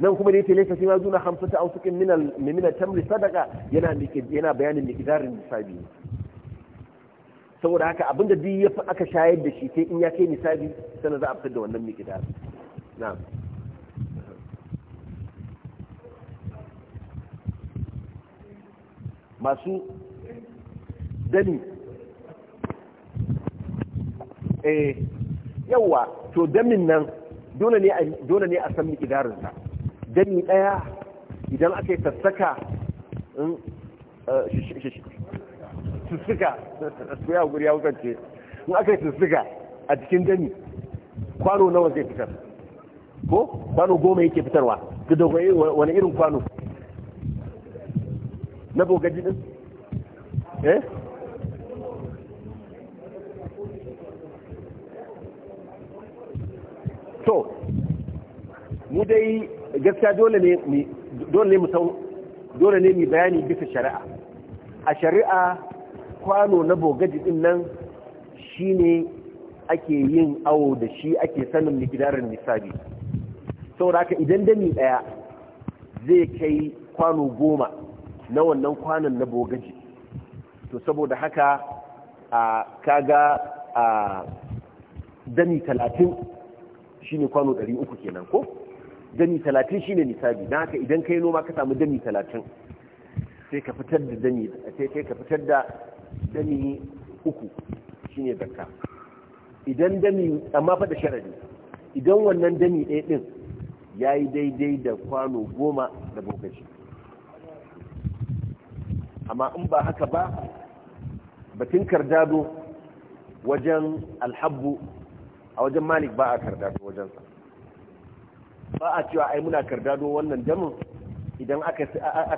nan kuma da yake laisa sai ma duna hamsata ta sukin mimina tamri sadaka yana yana bayanin mikidarin misabi saboda haka abinda duk ya aka shayar da shi sai in ya kai misabi sannan za a fitar da wannan miqdar na'am masu dani eh yawa to damin nan dole ne a san miƙidarinsa dani ɗaya idan aka yi sassaka eh, sussuka su ya guri ya wukance in aka yi sussuka a cikin dani kwano nawa zai fitar ko kwano goma yake fitarwa ga dogaye wani irin kwano na bogaji din eh to mu dai gaskiya dole ne dole mu bayani bisa shari'a a shari'a kwano na bogaji din nan shine ake yin awo da shi ake sanin miqdarin nisabi saboda idan dami daya zai kai kwano goma na wannan kwanon na bogaji to saboda haka a kaga a dami talatin shine kwano ɗari uku kenan ko dami talatin shi ne nisabi don haka idan kai noma ka samu dami talatin sai ka fitar da dami sai sai ka fitar da dami uku shi ne zakka idan dami amma faɗa sharadi idan wannan dami ɗaya ɗin ya yi daidai da kwano goma da bokaci amma in ba haka ba batun kardado wajen alhabbu a wajen malik ba a kardado sa. ba a cewa ai muna kardado wannan damin idan aka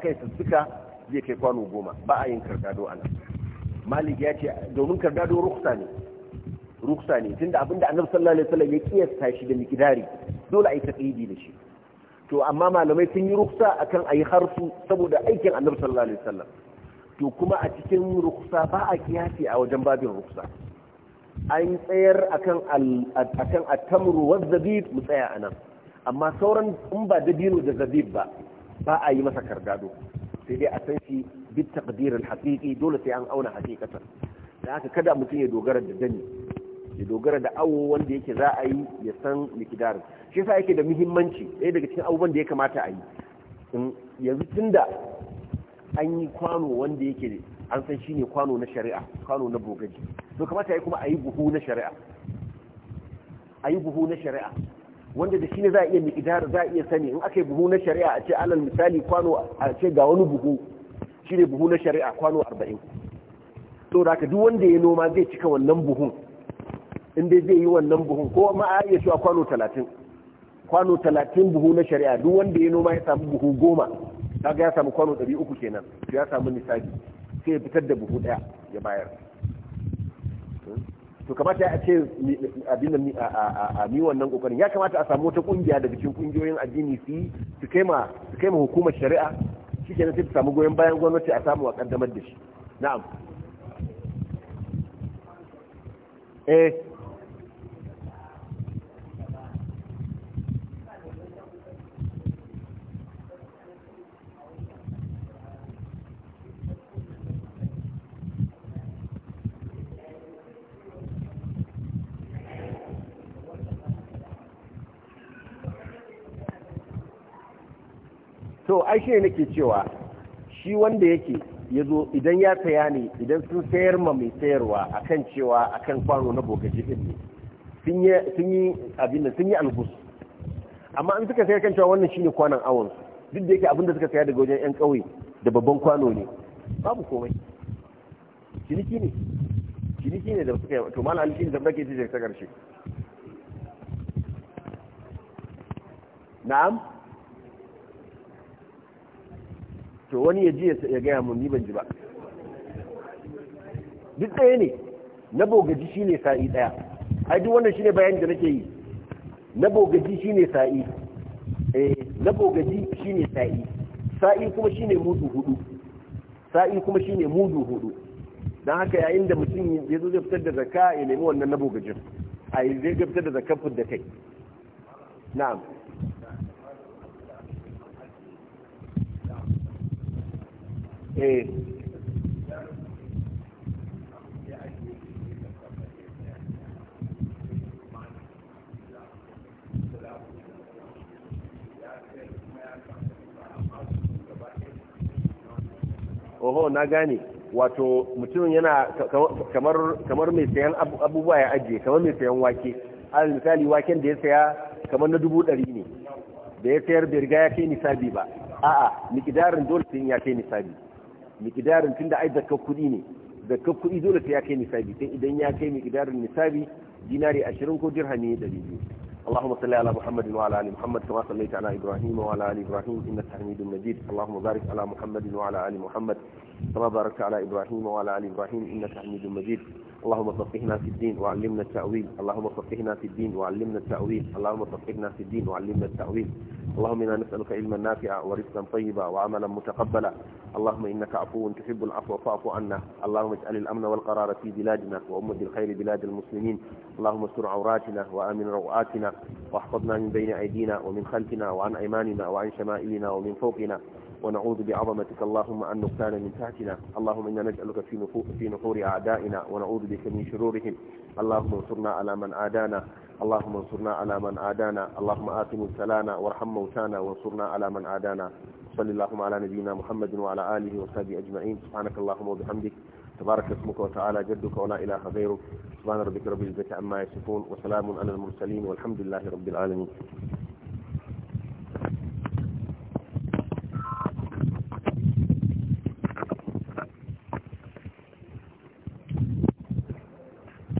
yi sassuka zai kai kwano goma ba a yin kardado ana malik ya ce domin kardado ruksa ne ruksa ne tunda da annabi sallallahu alaihi wasallam ya kiyasta shi da mikidari dole yi taqidi da shi to amma malamai sun yi ruksa akan ayi harsu saboda aikin annabi sallallahu alaihi wasallam to kuma a cikin ruksa ba a kiyasi a wajen babin ruksa an tsayar akan akan at-tamru wa zabib mu tsaya anan amma sauran in ba dabino da zabib ba ba a yi masa kardado sai dai a san shi bit taqdiril haqiqi dole sai an auna haqiqatan da haka kada mutum ya dogara da dani ya dogara da awo wanda yake za a yi ya san mikidarin shi yasa yake da muhimmanci daya daga cikin abubuwan da ya kamata a yi yanzu tunda an yi kwano wanda yake an san shine kwano na shari'a kwano na bogaji to kamata ya kuma a yi buhu na shari'a a yi buhu na shari'a wanda da shi ne za a iya miƙidar za a iya sani in aka yi buhu na shari'a a ce alal misali kwano a ce ga wani buhu shi ne buhu na shari'a kwano arba'in to da duk wanda ya noma zai cika wannan buhun in dai zai yi wannan buhun ko ma a iya kwano talatin kwano talatin buhu na shari'a duk wanda ya noma ya samu buhu goma kaga ya samu kwano ɗari uku kenan ya samu nisabi sai ya fitar da buhu ɗaya ya bayar to kamata a ce abin da a mi wannan kokarin ya kamata a samu wata kungiya da bikin kungiyoyin addini su su kai ma su kai ma hukumar shari'a shikenan sai su samu goyon bayan gwamnati a samu a kaddamar da shi na'am eh to ai shi nake cewa shi wanda yake ya zo idan ya saya ne idan sun sayar ma mai sayarwa akan cewa akan kwano na bogaji din ne sun yi abin da sun yi albus amma an suka sayar kan cewa wannan shine kwanan awon duk da yake abin da suka saya daga wajen yan kauye da babban kwano ne babu komai ciniki ne ciniki ne da suka yi to malam alishi da bake ce ta karshe na'am to wani ya ji ya gaya mun ni ban ji ba duk ɗaya ne na bogaji shine sa'i ɗaya ai duk wannan shine bayanin da nake yi na bogaji shine sa'i eh na bogaji shine sa'i sa'i kuma shine mudu hudu sa'i kuma shine mudu hudu dan haka yayin da mutum ya zo zai fitar da zakka ya nemi wannan na bogajin ai zai gabtar da zakkar da kai na'am Eh. oho na gane wato mutum yana kamar mai sayan abubuwa ya ajiye kamar mai sayan wake alal misali waken da ya saya kamar na dubu ɗari ne da ya sayar bai riga ya kai nisabi ba a'a mikidarin dole sun ya kai nisabi miqdarin tunda ai zakka kuɗi ne zakka kuɗi dole sai ya kai nisabi sai idan ya kai miqdarin nisabi dinari 20 ko dirhami 200 اللهم صل على محمد وعلى ال محمد كما صليت على ابراهيم وعلى ال ابراهيم انك حميد مجيد اللهم بارك على محمد وعلى ال محمد كما باركت على ابراهيم وعلى ال ابراهيم انك حميد مجيد اللهم فقهنا في الدين وعلمنا التأويل اللهم فقهنا في الدين وعلمنا التأويل اللهم فقهنا في الدين وعلمنا التأويل اللهم إنا نسألك علما نافعا ورزقا طيبا وعملا متقبلا اللهم إنك عفو تحب العفو فاعف عنا اللهم اجعل الأمن والقرار في بلادنا وأمة الخير بلاد المسلمين اللهم استر عوراتنا وآمن روآتنا واحفظنا من بين أيدينا ومن خلفنا وعن أيماننا وعن شمائلنا ومن فوقنا ونعوذ بعظمتك اللهم أن نقتان من تحتنا اللهم إنا نسألك في نفور في نحور أعدائنا ونعوذ بك من شرورهم اللهم انصرنا على من عادانا اللهم انصرنا على من عادانا اللهم آت مبتلانا وارحم موتانا وانصرنا على من عادانا صلى اللهم على نبينا محمد وعلى آله وصحبه أجمعين سبحانك اللهم وبحمدك تبارك اسمك وتعالى جدك ولا إله غيرك سبحان ربك رب العزة عما يصفون وسلام على المرسلين والحمد لله رب العالمين